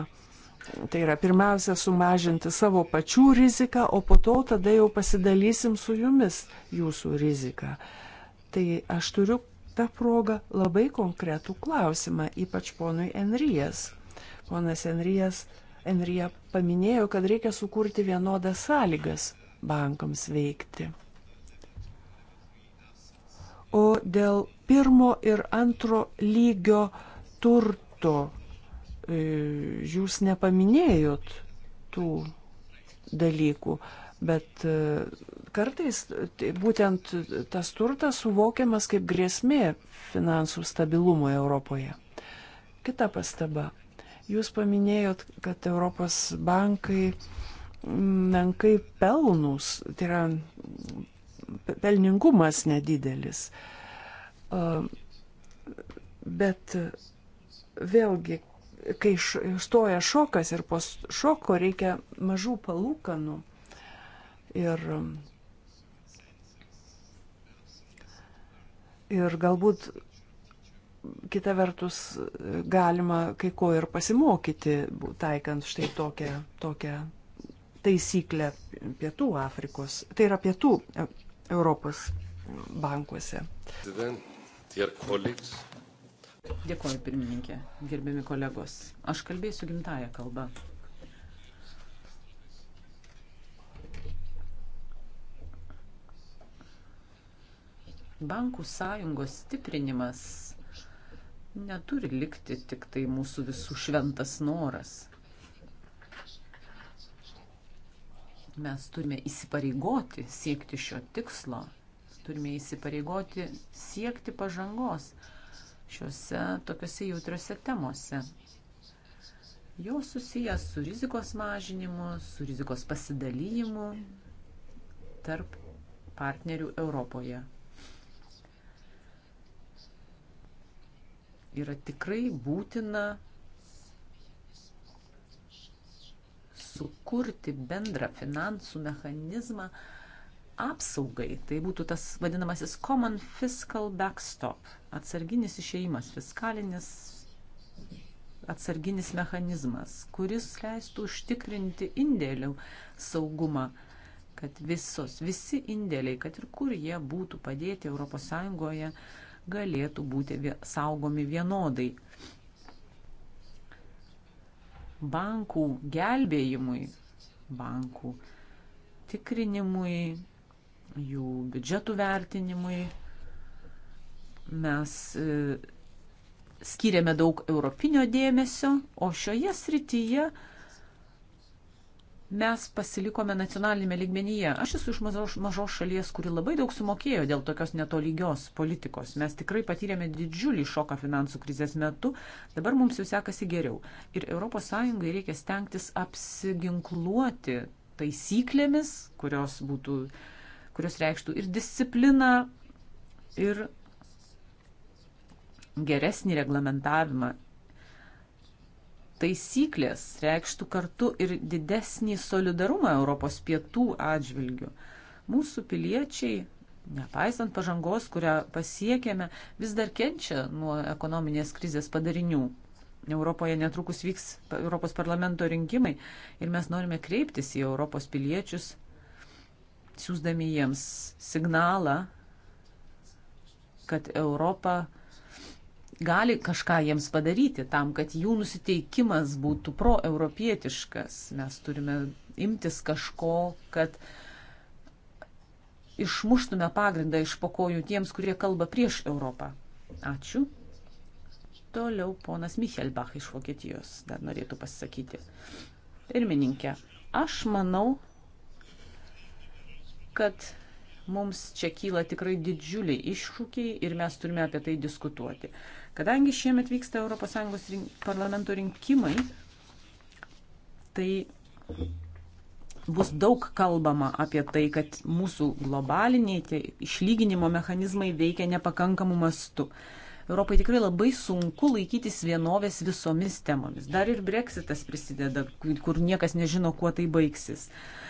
Tai yra pirmiausia sumažinti savo pačių riziką, o po to tada jau pasidalysim su jumis jūsų riziką. Tai aš turiu tą progą labai konkretų klausimą, ypač ponui Enrijas. Ponas Enrijas Enrija paminėjo, kad reikia sukurti vienodas sąlygas bankams veikti. O dėl pirmo ir antro lygio uh, turto e, jūs nepaminėjot tų dalykų, bet e, kartais būtent tas turtas suvokiamas kaip grėsmė finansų stabilumui Europoje. Kita pastaba. Jūs paminėjot, kad Europos bankai mm, menkai pelnus, tai yra pelningumas nedidelis. E, bet vėlgi, kai išstoja šokas ir po šoko reikia mažų palūkanų. Ir, ir galbūt kita vertus galima kai ko ir pasimokyti, taikant štai tokią, tokią taisyklę Pietų Afrikos, tai yra Pietų Europos bankuose. Dear colleagues, Dėkuoju, pirmininkė, gerbiami kolegos. Aš kalbėsiu gimtają kalbą. bankų sąjungos stiprinimas neturi likti tik tai mūsų visų šventas noras. Mes turime įsipareigoti siekti šio tikslo, turime įsipareigoti siekti pažangos šiuose tokiuose jautriuose temuose. Jos susijęs su rizikos mažinimu, su rizikos pasidalymu tarp partnerių Europoje. Yra tikrai būtina sukurti bendrą finansų mechanizmą, apsaugai. Tai būtų tas vadinamasis common fiscal backstop - atsarginis išeimas, fiskalinis atsarginis mechanizmas, kuris leistų užtikrinti indėlių saugumą kad visos, visi indėliai, kad ir kur jie būtų padėti ES, galėtų būti saugomi vienodai. Bankų gelbėjimui, bankų tikrinimui jų biudžetų vertinimui. Mes e, skiriame daug europinio dėmesio, o šioje srityje mes pasilikome nacionalinėme lygmenyje. Aš esu iš mažos, mažos šalies, kuri labai daug sumokėjo dėl tokios netolygios politikos. Mes tikrai patyrėme didžiulį šoką finansų krizės metu, dabar mums jau sekasi geriau. Ir ES reikia stengtis apsiginkluoti taisyklėmis, kurios būtų uh, kurios reikštų ir discipliną, ir geresnį reglamentavimą. Taisyklės reikštų kartu ir didesnį solidarumą Europos pietų atžvilgių. Mūsų piliečiai, nepaisant pažangos, kurią pasiekėme, vis dar kenčia nuo ekonominės krizės padarinių. Europoje netrukus vyks Europos parlamento rinkimai ir mes norime kreiptis į Europos piliečius siūsdami jiems signalą, kad Europa gali kažką jiems padaryti tam, kad jų nusiteikimas būtų proeuropietiškas. Mes turime imtis kažko, kad išmuštume pagrindą iš pokojų tiems, kurie kalba prieš Europą. Ačiū. Toliau ponas Michelbach iš Vokietijos dar norėtų pasisakyti. Pirmininkė, aš manau, kad mums čia kyla tikrai didžiuliai iššūkiai ir mes turime apie tai diskutuoti. Kadangi šiemet vyksta ES rink, parlamento rinkimai, tai bus daug kalbama apie tai, kad mūsų globaliniai tie išlyginimo mechanizmai veikia nepakankamu mastu. Europai tikrai labai sunku laikytis vienovės visomis temomis. Dar ir breksitas prisideda, kur niekas nežino, kuo tai baigsis. Uh,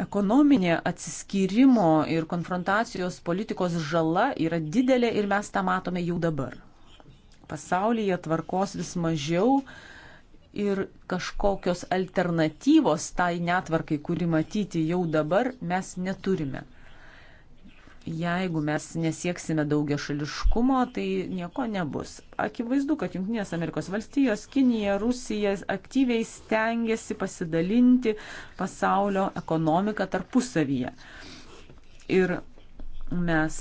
Ekonominė atsiskyrimo ir konfrontacijos politikos žala yra didelė ir mes tą matome jau dabar. Pasaulyje tvarkos vis mažiau ir kažkokios alternatyvos tai netvarkai, kuri matyti jau dabar, mes neturime jeigu mes nesieksime daugia šališkumo, tai nieko nebus. Akivaizdu, kad Junktinės Amerikos valstijos, Kinija, Rusija aktyviai stengiasi pasidalinti pasaulio ekonomiką tarpusavyje. Ir mes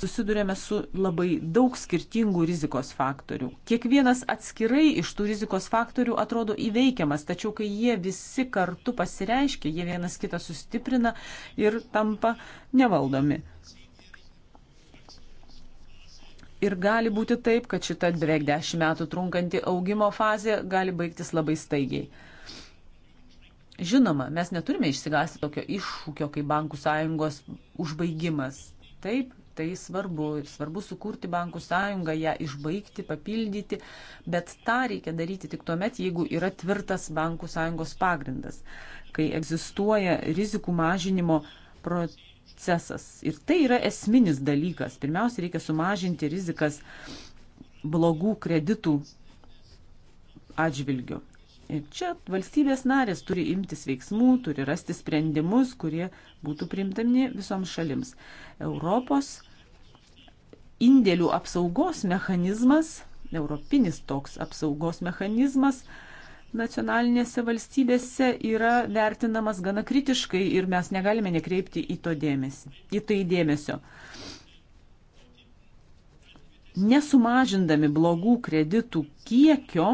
susidurėme su labai daug skirtingų rizikos faktorių. Kiekvienas atskirai iš tų rizikos faktorių atrodo įveikiamas, tačiau kai jie visi kartu pasireiškia, jie vienas kitą sustiprina ir tampa nevaldomi. Ir gali būti taip, kad šita beveik dešimt metų trunkanti augimo fazė gali baigtis labai staigiai. Žinoma, mes neturime išsigąsti tokio iššūkio kaip bankų sąjungos užbaigimas. Taip, tai svarbu ir svarbu sukurti bankų sąjungą, ją išbaigti, papildyti, bet tą reikia daryti tik tuomet, jeigu yra tvirtas bankų sąjungos pagrindas, kai egzistuoja rizikų mažinimo procesas. Ir tai yra esminis dalykas. Pirmiausia, reikia sumažinti rizikas blogų kreditų atžvilgiu. Ir čia valstybės narės turi imtis veiksmų, turi rasti sprendimus, kurie būtų primtami visoms šalims. Europos indėlių apsaugos mechanizmas, europinis toks apsaugos mechanizmas nacionalinėse valstybėse yra vertinamas gana kritiškai ir mes negalime nekreipti į, dėmesį, į tai dėmesio. Nesumažindami blogų kreditų kiekio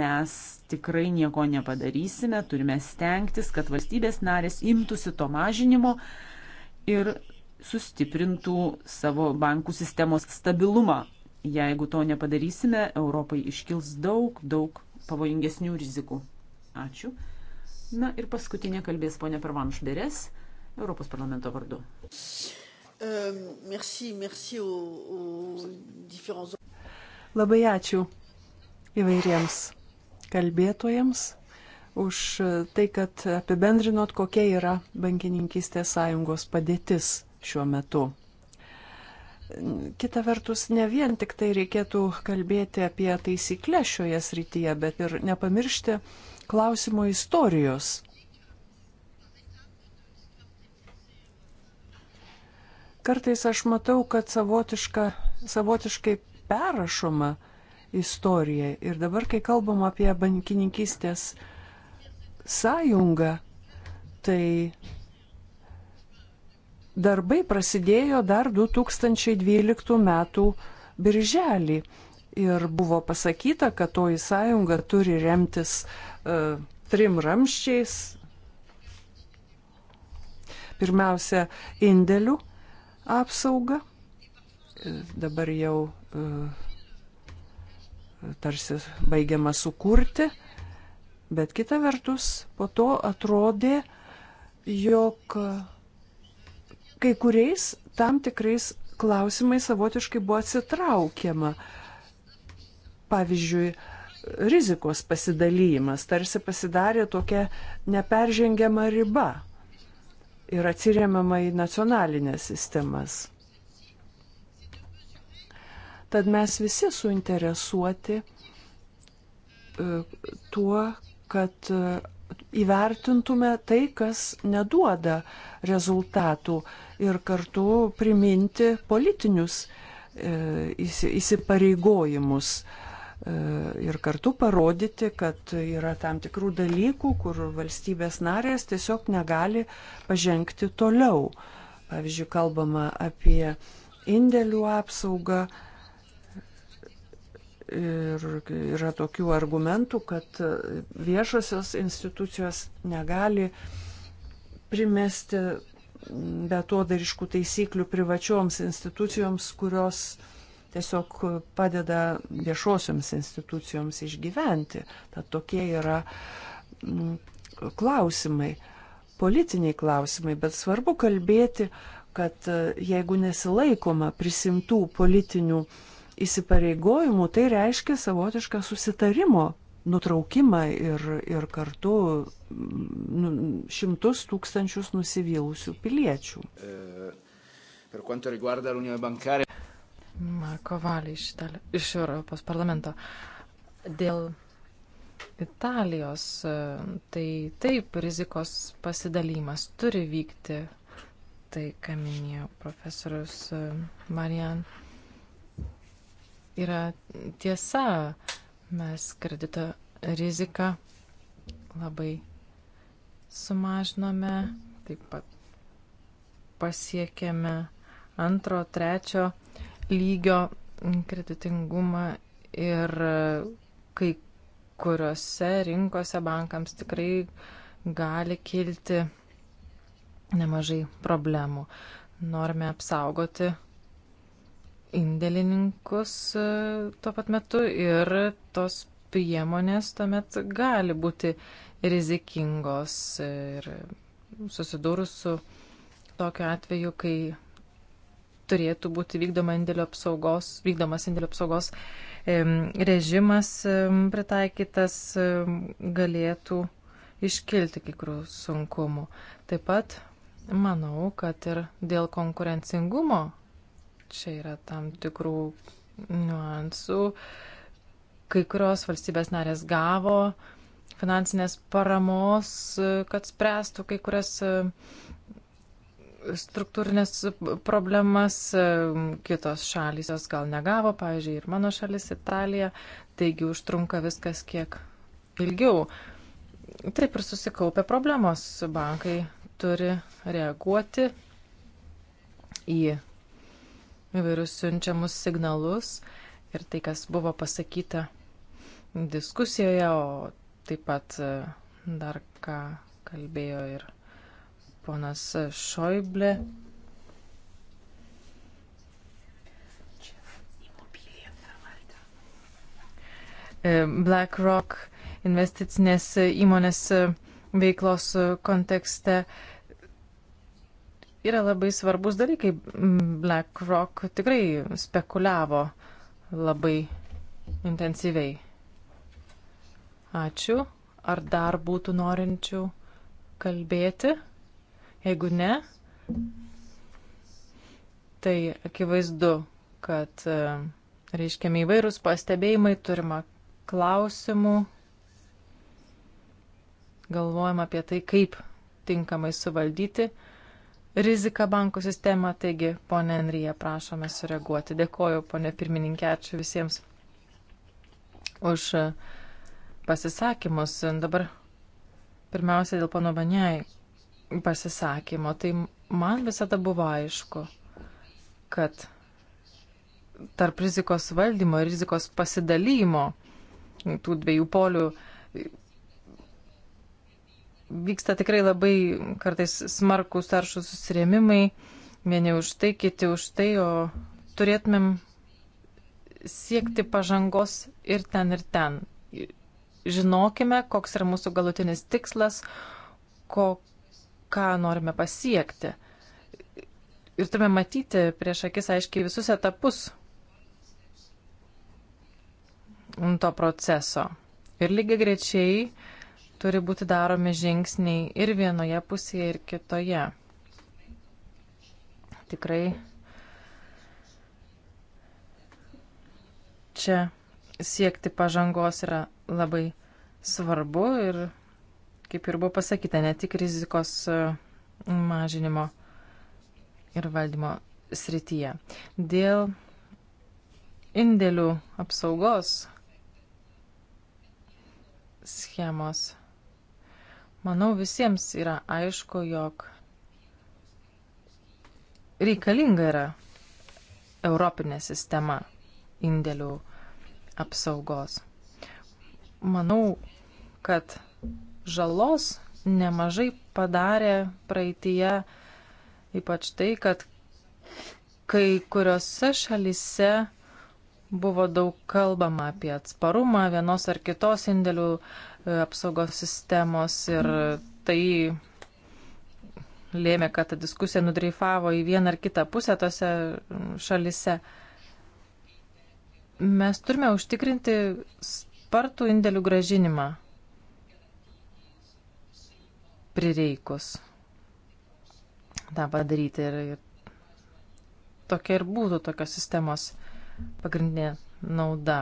mes tikrai nieko nepadarysime, turime stengtis, kad valstybės narės imtųsi to mažinimo ir sustiprintų savo bankų sistemos stabilumą. Jeigu to nepadarysime, Europai iškils daug, daug pavojingesnių rizikų. Ačiū. Na ir paskutinė kalbės ponė Pervanš Berės, Europos parlamento vardu. Um, Labai ačiū įvairiems kalbėtojams už tai, kad apibendrinot, kokia yra bankininkystės sąjungos padėtis šiuo metu. Kita vertus, ne vien tik tai reikėtų kalbėti apie taisyklę šioje srityje, bet ir nepamiršti klausimo istorijos. Kartais aš matau, kad savotiška, savotiškai perrašoma istorija. Ir dabar, kai kalbam apie bankininkystės sąjungą, tai darbai prasidėjo dar 2012 m. birželį ir buvo pasakyta, kad toji sąjunga turi remtis uh, trim ramščiais. Pirmiausia, indėlių apsauga. Dabar jau uh, tarsi baigiama sukurti, bet kita vertus po to atrodė, jog uh, kai kuriais tam tikrais klausimais savotiškai buvo atsitraukiama. Pavyzdžiui, rizikos pasidalymas tarsi pasidarė tokia neperžengiama riba ir atsiriamama į nacionalinės sistemas. Tad mes visi suinteresuoti e, tuo, kad e, įvertintume tai, kas neduoda rezultatų ir kartu priminti politinius e, įsipareigojimus e, ir kartu parodyti, kad yra tam tikrų dalykų, kur valstybės narės tiesiog negali pažengti toliau. Pavyzdžiui, kalbama apie indėlių apsaugą ir yra tokių argumentų, kad viešosios institucijos negali primesti betodariškų taisyklių privačioms institucijoms, kurios tiesiog padeda viešosioms institucijoms išgyventi. Tad tokie yra mm, klausimai, politiniai klausimai, bet svarbu kalbėti, kad e, jeigu nesilaikoma prisimtų politinių įsipareigojimų, tai reiškia savotišką susitarimo nutraukimą ir, ir kartu nu, šimtus tūkstančius nusivylusių piliečių. Eh, Marko Valį iš, Itali... iš Europos parlamento. Dėl Italijos, eh, tai taip, rizikos pasidalymas turi vykti, tai ką minėjo profesorius eh, Marian. Yra tiesa, Mes kredito riziką labai sumažinome, taip pat pasiekėme antro, trečio lygio kreditingumą ir kai kuriuose rinkose bankams tikrai gali kilti nemažai problemų. Norime apsaugoti indėlininkus e, tuo pat metu ir tos priemonės tuomet gali būti rizikingos ir susidūrus su tokiu atveju, kai turėtų būti vykdoma indėlio apsaugos, vykdomas indėlio apsaugos režimas pritaikytas, galėtų iškilti kikrų sunkumų. Taip pat manau, kad ir dėl konkurencingumo čia yra tam tikrų niuansų. Kai kurios valstybės narės gavo finansinės paramos, kad spręstų kai kurias e, struktūrinės problemas, e, kitos šalys jos gal negavo, pavyzdžiui, ir mano šalis Italija, taigi užtrunka viskas kiek ilgiau. Taip ir susikaupia problemos, bankai turi reaguoti į įvairius siunčiamus signalus ir tai, kas buvo pasakyta diskusijoje, o taip pat e, dar ką kalbėjo ir ponas Šoiblė. E, BlackRock investicinės įmonės veiklos kontekste. Uh, yra labai svarbus dalykai. Mm, BlackRock tikrai spekuliavo labai intensyviai. Ačiū. Ar dar būtų norinčių kalbėti? Jeigu ne, tai akivaizdu, kad e, reiškiami įvairūs pastebėjimai, turima klausimų, galvojama apie tai, kaip tinkamai suvaldyti riziką bankų sistemą. Taigi, ponė Enryje, prašome sureaguoti. Dėkoju, ponė pirmininkė, ačiū visiems už pasisakymus. Dabar pirmiausia dėl pono Banjai pasisakymo. Tai man visada buvo aišku, kad tarp rizikos valdymo ir rizikos pasidalymo tų dviejų polių vyksta tikrai labai kartais smarkus taršus susirėmimai, vieni už tai, kiti už tai, o turėtumėm siekti pažangos ir ten, ir ten. Žinokime, koks yra mūsų galutinis tikslas, ko, ką norime pasiekti. Ir turime matyti prieš akis aiškiai visus etapus to proceso. Ir lygiai grečiai turi būti daromi žingsniai ir vienoje pusėje, ir kitoje. Tikrai čia siekti pažangos yra labai svarbu ir, kaip ir buvo pasakyta, ne tik rizikos e, mažinimo ir valdymo srityje. Dėl indėlių apsaugos schemos. Manau, visiems yra aišku, jog reikalinga yra Europinė sistema indėlių apsaugos. Manau, kad žalos nemažai padarė praeitie, ypač tai, kad kai kuriuose šalise buvo daug kalbama apie atsparumą vienos ar kitos indėlių uh, E, apsaugos sistemos ir tai lėmė, kad ta diskusija nudreifavo į vieną ar kitą pusę tose šalise. Mes turime užtikrinti spartų indėlių gražinimą prireikus tą padaryti. Ir, ir tokia ir būtų tokios sistemos pagrindinė nauda.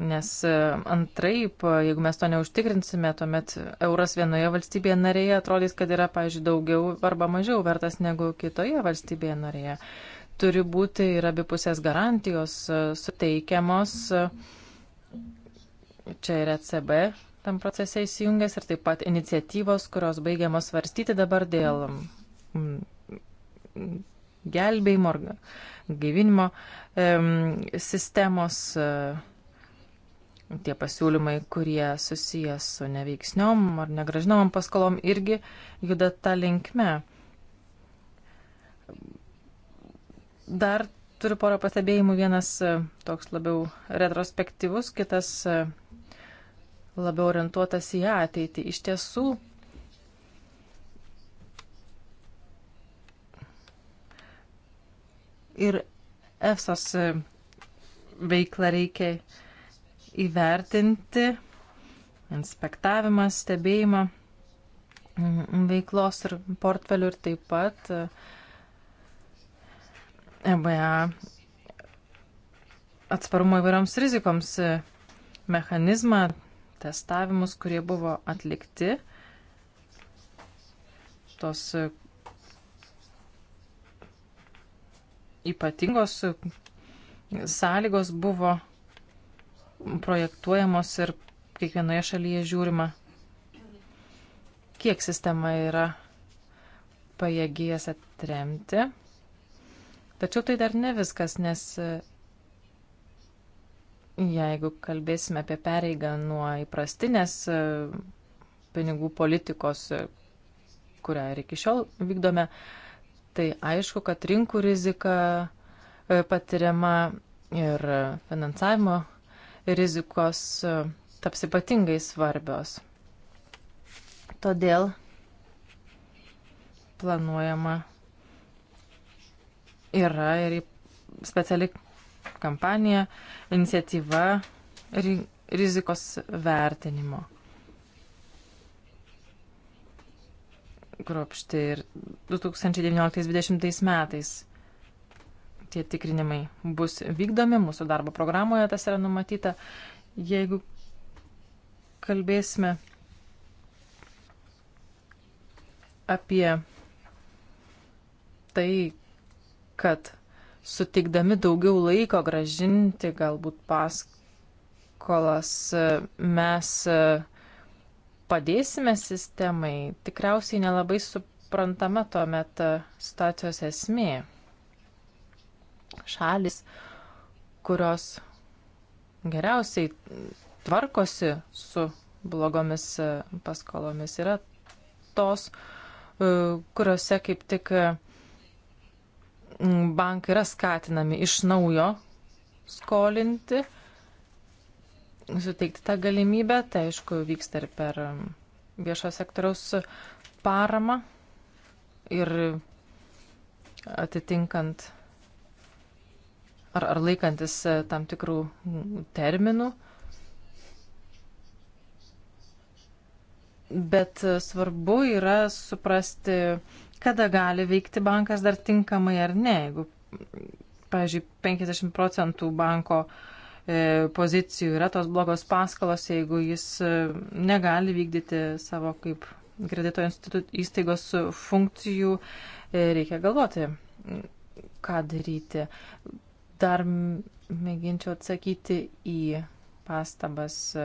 Nes e, antraip, e, jeigu mes to neužtikrinsime, tuomet euras vienoje valstybėje narėje atrodys, kad yra, pažiūrėjau, daugiau arba mažiau vertas negu kitoje valstybėje narėje. Turi būti ir abipusės garantijos e, suteikiamos. Čia ir ECB tam procese įsijungęs ir taip pat iniciatyvos, kurios baigiamos svarstyti dabar dėl gelbėjimo ar gaivinimo sistemos. E, tie pasiūlymai, kurie susijęs su neveiksniom ar negražinomam paskolom, irgi juda tą linkme. Dar turiu porą pastebėjimų. Vienas e, toks labiau retrospektyvus, kitas e, labiau orientuotas į ateitį. Iš tiesų, ir EFSOS e, veiklą reikia įvertinti inspektavimą, stebėjimą mm, veiklos ir portfelių ir taip pat EBA e atsparumo įvairioms rizikoms e, mechanizmą, testavimus, kurie buvo atlikti. Tos e, ypatingos sąlygos buvo projektuojamos ir kiekvienoje šalyje žiūrima, kiek sistema yra pajėgi jas atremti. Tačiau tai dar ne viskas, nes e, jeigu kalbėsime apie pareigą nuo įprastinės e, pinigų politikos, e, kurią ir iki šiol vykdome, tai aišku, kad rinkų rizika patiriama ir finansavimo rizikos e, taps ypatingai svarbios. Todėl planuojama yra ir speciali kampanija, iniciatyva rizikos vertinimo. Kropšti ir 2019-2020 metais tie tikrinimai bus vykdomi, mūsų darbo programoje tas yra numatyta. Jeigu kalbėsime apie tai, kad sutikdami daugiau laiko gražinti galbūt paskolas, mes padėsime sistemai, tikriausiai nelabai suprantama tuomet situacijos esmė šalis, kurios geriausiai tvarkosi su blogomis e, paskolomis, yra tos, e, kuriuose kaip tik e, bankai yra skatinami iš naujo skolinti, suteikti tą galimybę, tai aišku vyksta ir per viešo sektoriaus paramą ir atitinkant ar, ar laikantis e, tam tikrų terminų. Bet e, svarbu yra suprasti, kada gali veikti bankas dar tinkamai ar ne. Jeigu, pavyzdžiui, 50 procentų banko e, pozicijų yra tos blogos paskalos, jeigu jis negali vykdyti savo kaip kredito įstaigos funkcijų, reikia galvoti, ką daryti. Dar mėginčiau atsakyti į pastabas, e,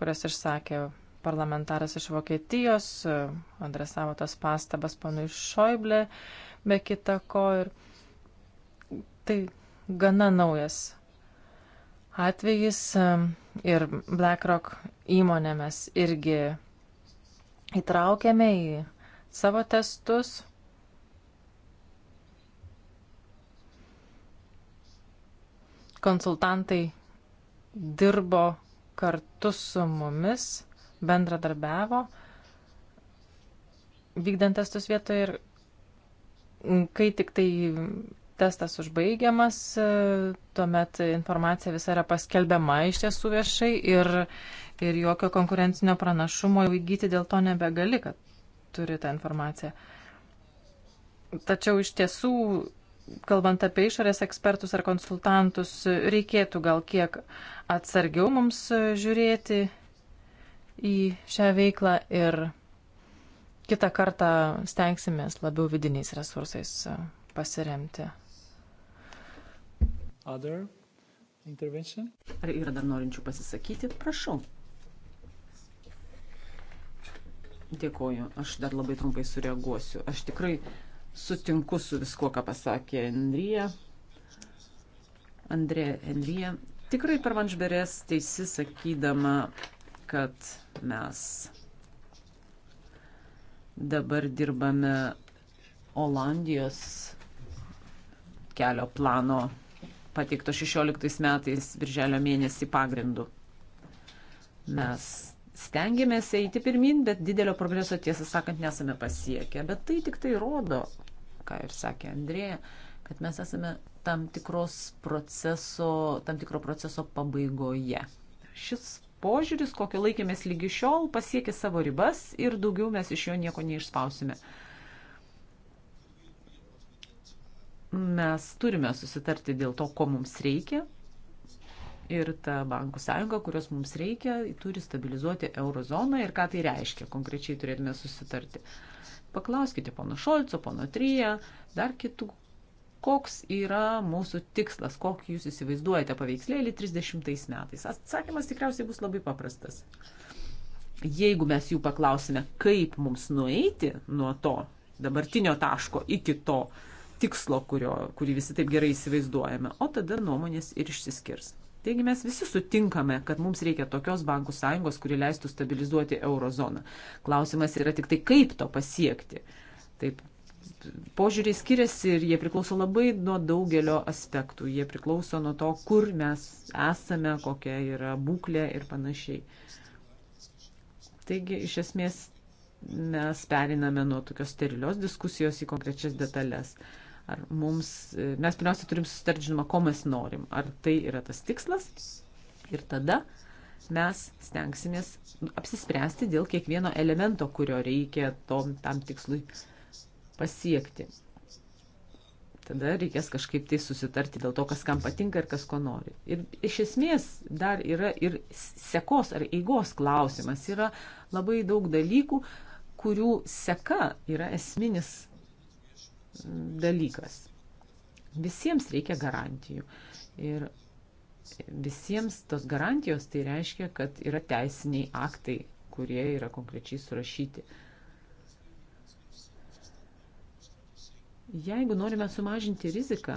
kurias išsakė parlamentaras iš Vokietijos, e, adresavo tas pastabas panui Šoiblė, be kita ko. Ir tai gana naujas atvejis e, ir BlackRock įmonę mes irgi įtraukėme į savo testus. konsultantai dirbo kartu su mumis, bendradarbiavo, vykdant testus vietoje ir kai tik tai testas užbaigiamas, tuomet informacija visa yra paskelbiama iš tiesų viešai ir, ir jokio konkurencinio pranašumo įgyti dėl to nebegali, kad turi tą informaciją. Tačiau iš tiesų kalbant apie išorės ekspertus ar konsultantus, reikėtų gal kiek atsargiau mums žiūrėti į šią veiklą ir kitą kartą stengsimės labiau vidiniais resursais pasiremti. Ar yra dar norinčių pasisakyti? Prašau. Dėkoju. Aš dar labai trumpai sureaguosiu. Aš tikrai sutinku su viskuo, ką pasakė Enrija. Andrė Enrija. Tikrai per manžberės teisi sakydama, kad mes dabar dirbame Olandijos kelio plano pateikto 16 metais birželio mėnesį pagrindu. Mes stengiamės eiti pirmin, bet didelio progreso tiesą sakant nesame pasiekę. Bet tai tik tai rodo, ką ir sakė Andrėja, kad mes esame tam, proceso, tam tikro proceso pabaigoje. Šis požiūris, kokio laikėmės lygi šiol, pasiekė savo ribas ir daugiau mes iš jo nieko neišspausime. Mes turime susitarti dėl to, ko mums reikia, ir ta bankų sąjunga, kurios mums reikia, turi stabilizuoti eurozoną ir ką tai reiškia. Konkrečiai turėtume susitarti. Paklauskite pono Šolco, pono Tryje, dar kitų, koks yra mūsų tikslas, kokį jūs įsivaizduojate paveikslėlį 30 metais. Atsakymas tikriausiai bus labai paprastas. Jeigu mes jų paklausime, kaip mums nueiti nuo to dabartinio taško iki to tikslo, kurio, kurį visi taip gerai įsivaizduojame, o tada nuomonės ir išsiskirs. Taigi mes visi sutinkame, kad mums reikia tokios bankų sąjungos, kuri leistų stabilizuoti eurozoną. Klausimas yra tik tai, kaip to pasiekti. Taip, požiūriai skiriasi ir jie priklauso labai nuo daugelio aspektų. Jie priklauso nuo to, kur mes esame, kokia yra būklė ir panašiai. Taigi, iš esmės, mes periname nuo tokios sterilios diskusijos į konkrečias detalės. Ar mums, e, mes pirmiausia turim susitarti, žinoma, ko mes norim. Ar tai yra tas tikslas? Ir tada mes stengsimės apsispręsti dėl kiekvieno elemento, kurio reikia tom, tam tikslui pasiekti. Tada reikės kažkaip tai susitarti dėl to, kas kam patinka ir kas ko nori. Ir iš esmės dar yra ir sekos ar eigos klausimas. Yra labai daug dalykų, kurių seka yra esminis dalykas. Visiems reikia garantijų. Ir visiems tos garantijos tai reiškia, kad yra teisiniai aktai, kurie yra konkrečiai surašyti. Jeigu norime sumažinti riziką,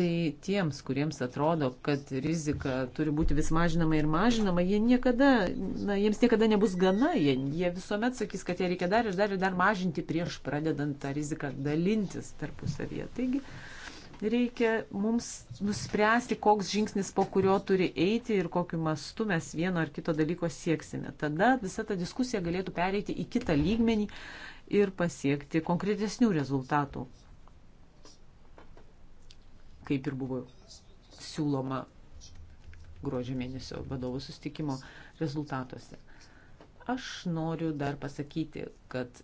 tai tiems, kuriems atrodo, kad rizika turi būti vis mažinama ir mažinama, jie niekada, na, jiems niekada nebus gana, jie, jie visuomet sakys, kad jie reikia dar ir dar ir dar mažinti prieš pradedant tą riziką dalintis tarpusavyje. Taigi reikia mums nuspręsti, koks žingsnis po kurio turi eiti ir kokiu mastu mes vieno ar kito dalyko sieksime. Tada visa ta diskusija galėtų pereiti į kitą lygmenį ir pasiekti konkretesnių rezultatų kaip ir buvo siūloma gruodžio mėnesio vadovų sustikimo rezultatuose. Aš noriu dar pasakyti, kad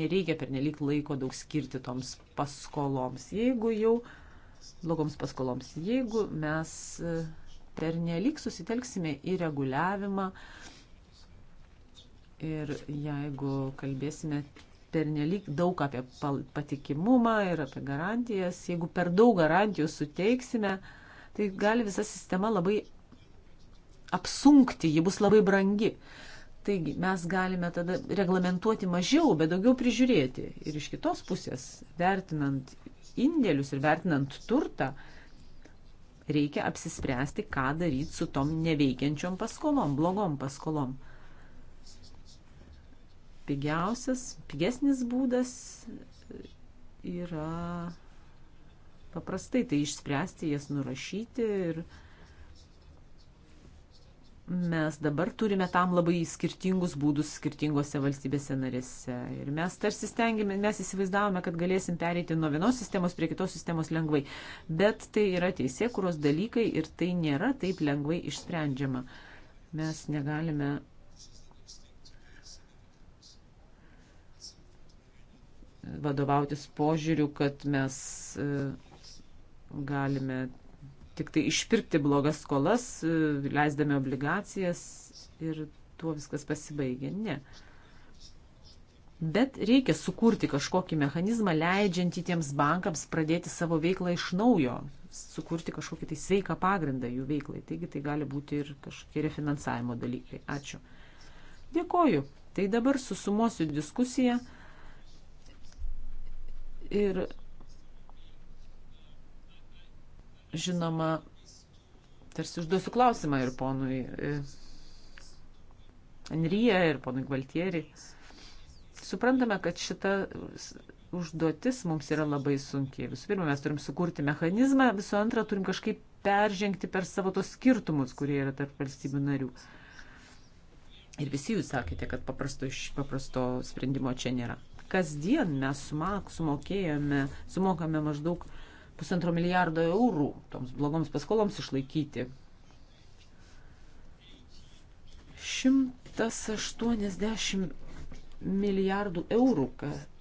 nereikia pernelyg laiko daug skirti toms paskoloms. Jeigu jau, blogoms paskoloms, jeigu mes e, pernelyg susitelksime į reguliavimą ir jeigu kalbėsime pernelyg daug apie patikimumą ir apie garantijas. Jeigu per daug garantijų suteiksime, tai gali visa sistema labai apsunkti, ji bus labai brangi. Taigi mes galime tada reglamentuoti mažiau, bet daugiau prižiūrėti. Ir iš kitos pusės, vertinant indėlius ir vertinant turtą, reikia apsispręsti, ką daryti su tom neveikiančiom paskolom, blogom paskolom pigiausias, pigesnis būdas yra paprastai tai išspręsti, jas nurašyti ir mes dabar turime tam labai skirtingus būdus skirtingose valstybėse narėse. Ir mes tarsi stengiame, mes įsivaizdavome, kad galėsim pereiti nuo vienos sistemos prie kitos sistemos lengvai. Bet tai yra teisė, kurios dalykai ir tai nėra taip lengvai išsprendžiama. Mes negalime vadovautis požiūriu, kad mes e, galime tik tai išpirkti blogas skolas, e, leisdami obligacijas ir tuo viskas pasibaigia. Ne. Bet reikia sukurti kažkokį mechanizmą, leidžiantį tiems bankams pradėti savo veiklą iš naujo, sukurti kažkokį tai sveiką pagrindą jų veiklai. Taigi tai gali būti ir kažkokie refinansavimo dalykai. Ačiū. Dėkoju. Tai dabar susumuosiu diskusiją. Ir žinoma, tarsi užduosiu klausimą ir ponui e, Enryje, ir ponui Gvaltieri. Suprantame, kad šita užduotis mums yra labai sunkiai. Visų pirma, mes turim sukurti mechanizmą, visų antra, turim kažkaip peržengti per savo tos skirtumus, kurie yra tarp valstybių narių. Ir visi jūs sakėte, kad paprasto, paprasto sprendimo čia nėra kasdien mes sumokėjome, sumokame maždaug pusantro milijardo eurų toms blogoms paskoloms išlaikyti. 180 milijardų eurų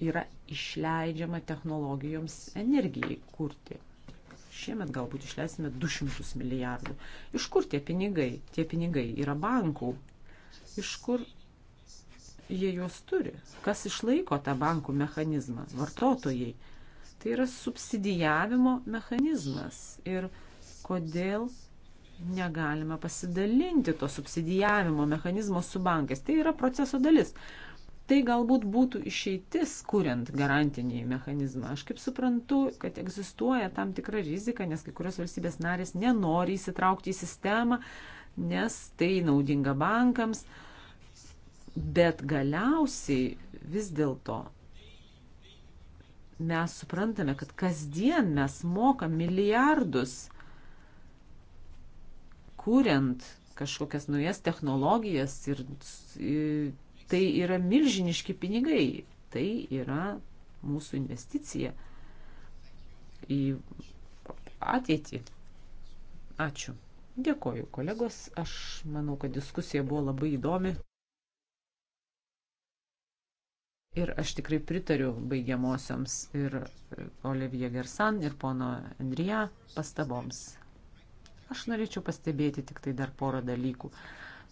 yra išleidžiama technologijoms energijai kurti. Šiemet galbūt išleisime 200 milijardų. Iš kur tie pinigai? Tie pinigai yra bankų. Iš kur jie juos turi? Kas išlaiko tą bankų mechanizmą? Vartotojai. Tai yra subsidijavimo mechanizmas. Ir kodėl negalime pasidalinti to subsidijavimo mechanizmo su bankais? Tai yra proceso dalis. Tai galbūt būtų išeitis, kuriant garantinį mechanizmą. Aš kaip suprantu, kad egzistuoja tam tikra rizika, nes kai kurios valstybės narės nenori įsitraukti į sistemą, nes tai naudinga bankams. Uh, Bet galiausiai vis dėlto mes suprantame, kad kasdien mes mokam milijardus, kuriant kažkokias naujas technologijas ir tai yra milžiniški pinigai, tai yra mūsų investicija į ateitį. Ačiū. Dėkoju, kolegos. Aš manau, kad diskusija buvo labai įdomi. Ir aš tikrai pritariu baigiamosioms ir Olivija Gersan ir pono Andrija pastaboms. Aš norėčiau pastebėti tik tai dar porą dalykų.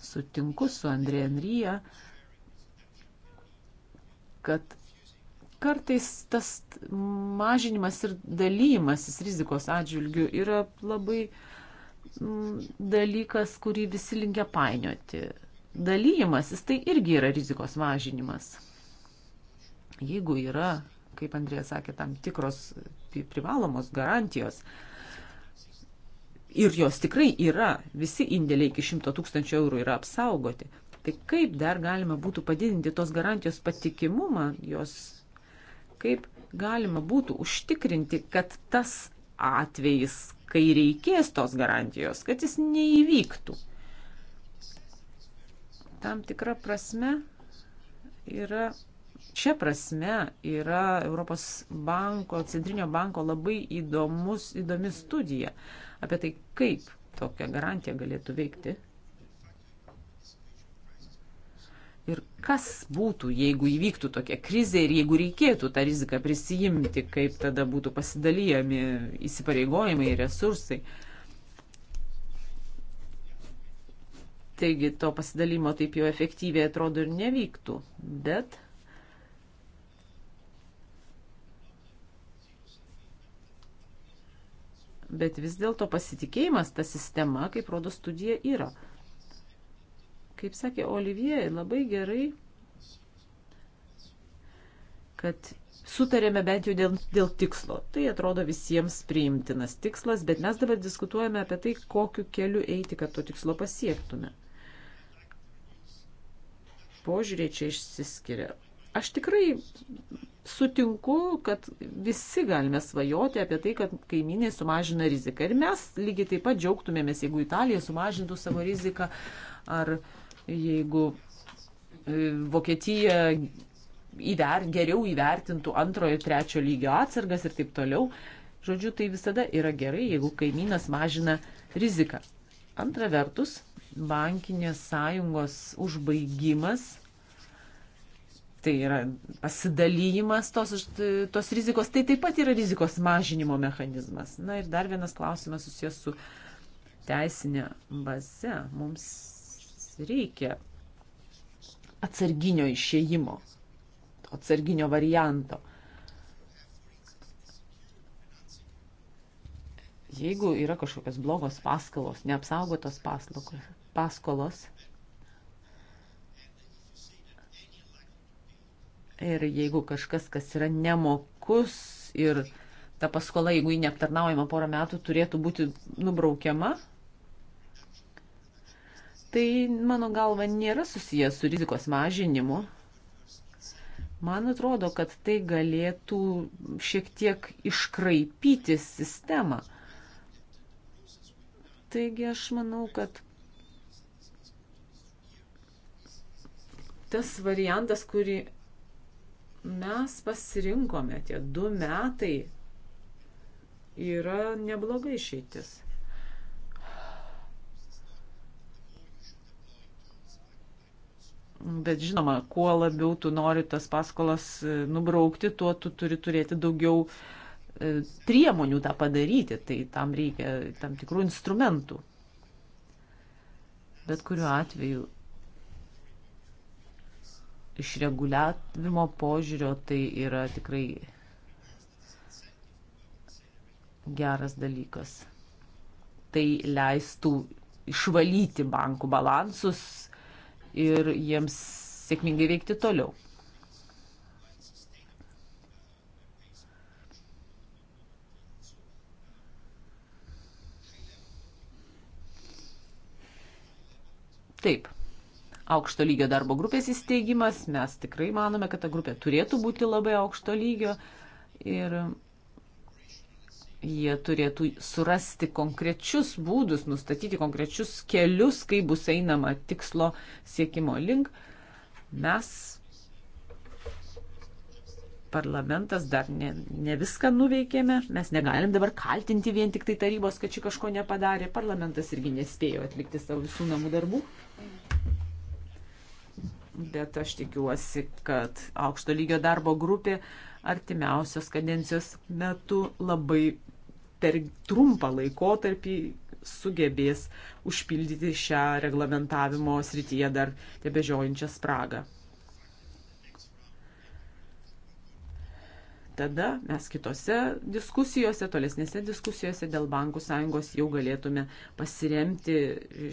Sutinku su Andrija Andrija, kad kartais tas mažinimas ir dalymasis rizikos atžvilgių yra labai mm, dalykas, kurį visi linkia painioti. Dalymasis tai irgi yra rizikos mažinimas Jeigu yra, kaip Andrėja sakė, tam tikros privalomos garantijos, ir jos tikrai yra, visi indėliai iki 100 tūkstančių eurų yra apsaugoti, tai kaip dar galima būtų padidinti tos garantijos patikimumą, jos kaip galima būtų užtikrinti, kad tas atvejis, kai reikės tos garantijos, kad jis neįvyktų. Tam tikra prasme yra Šia prasme yra Europos banko, Centrinio banko labai įdomus, įdomi studija apie tai, kaip tokia garantija galėtų veikti. Ir kas būtų, jeigu įvyktų tokia krizė ir jeigu reikėtų tą riziką prisijimti, kaip tada būtų pasidalyjami įsipareigojimai, resursai. Taigi to pasidalimo taip jau efektyviai atrodo ir nevyktų, bet bet vis dėlto pasitikėjimas ta sistema, kaip rodo studija, yra. Kaip sakė Olivier, labai gerai, kad sutarėme bent jau dėl, dėl tikslo. Tai atrodo visiems priimtinas tikslas, bet mes dabar diskutuojame apie tai, kokiu keliu eiti, kad to tikslo pasiektume. Požiūrė čia išsiskiria. Aš tikrai sutinku, kad visi galime svajoti apie tai, kad kaimynai sumažina riziką. Ir mes lygiai taip pat džiaugtumėmės, jeigu Italija sumažintų savo riziką, ar jeigu e, Vokietija įver, geriau įvertintų antrojo ir trečio lygio atsargas ir taip toliau. Žodžiu, tai visada yra gerai, jeigu kaimynas mažina riziką. Antra vertus, bankinės sąjungos užbaigimas tai yra pasidalymas tos, tos rizikos, tai taip pat yra rizikos mažinimo mechanizmas. Na ir dar vienas klausimas susijęs su teisinė baze. Mums reikia atsarginio išėjimo, atsarginio varianto. Jeigu yra kažkokios blogos paskalos, neapsaugotos paslaugos, paskolos, Ir jeigu kažkas, kas yra nemokus ir ta paskola, jeigu ji neaptarnaujama porą metų, turėtų būti nubraukiama, tai mano galva nėra susijęs su rizikos mažinimu. Man atrodo, kad tai galėtų šiek tiek iškraipyti sistemą. Taigi aš manau, kad tas variantas, kurį mes pasirinkome tie du metai yra neblogai išeitis. Bet žinoma, kuo labiau tu nori tas paskolas e, nubraukti, tuo tu turi turėti daugiau e, priemonių tą padaryti, tai tam reikia tam tikrų instrumentų. Bet kuriuo atveju iš reguliavimo požiūrio tai yra tikrai geras dalykas. Tai leistų išvalyti bankų balansus ir jiems sėkmingai veikti toliau. Taip aukšto lygio darbo grupės įsteigimas. Mes tikrai manome, kad ta grupė turėtų būti labai aukšto lygio ir jie turėtų surasti konkrečius būdus, nustatyti konkrečius kelius, kaip bus einama tikslo siekimo link. Mes parlamentas dar ne, ne viską nuveikėme, mes negalim dabar kaltinti vien tik tai tarybos, kad čia kažko nepadarė, parlamentas irgi nespėjo atlikti savo visų namų darbų bet aš tikiuosi, kad aukšto lygio darbo grupė artimiausios kadencijos metu labai per trumpą laikotarpį sugebės užpildyti šią reglamentavimo srityje dar tebežiojančią spragą. Tada mes kitose diskusijose, tolesnėse diskusijose dėl bankų sąjungos jau galėtume pasiremti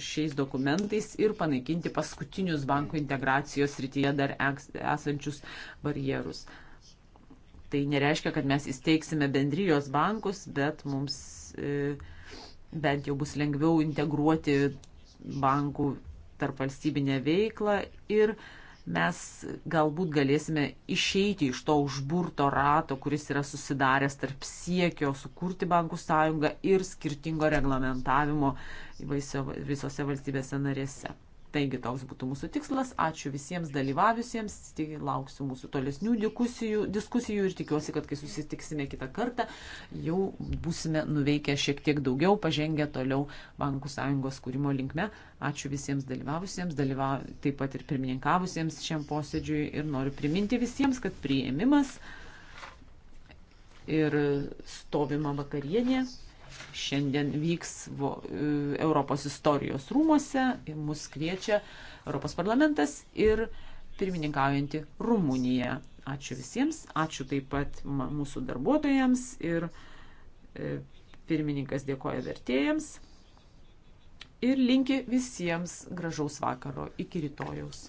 šiais dokumentais ir panaikinti paskutinius bankų integracijos rytyje dar esančius barjerus. Tai nereiškia, kad mes įsteigsime bendrijos bankus, bet mums e, bent jau bus lengviau integruoti bankų tarp valstybinę veiklą ir uh, mes galbūt galėsime išeiti iš to užburto rato, kuris yra susidaręs tarp siekio sukurti bankų sąjungą ir skirtingo reglamentavimo visose valstybėse narėse. Taigi toks būtų mūsų tikslas. Ačiū visiems dalyvavusiems, tai lauksiu mūsų tolesnių diskusijų, diskusijų ir tikiuosi, kad kai susitiksime kitą kartą, jau būsime nuveikę šiek tiek daugiau, pažengę toliau Bankų sąjungos kūrimo linkme. Ačiū visiems dalyvavusiems, dalyva, taip pat ir pirmininkavusiems šiam posėdžiui ir noriu priminti visiems, kad prieimimas ir stovima vakarienė šiandien vyks e, Europos istorijos rūmose ir mus kviečia Europos parlamentas ir pirmininkaujanti Rumunija. Ačiū visiems, ačiū taip pat mūsų darbuotojams ir e, pirmininkas dėkoja vertėjams ir linki visiems gražaus vakaro iki rytojaus.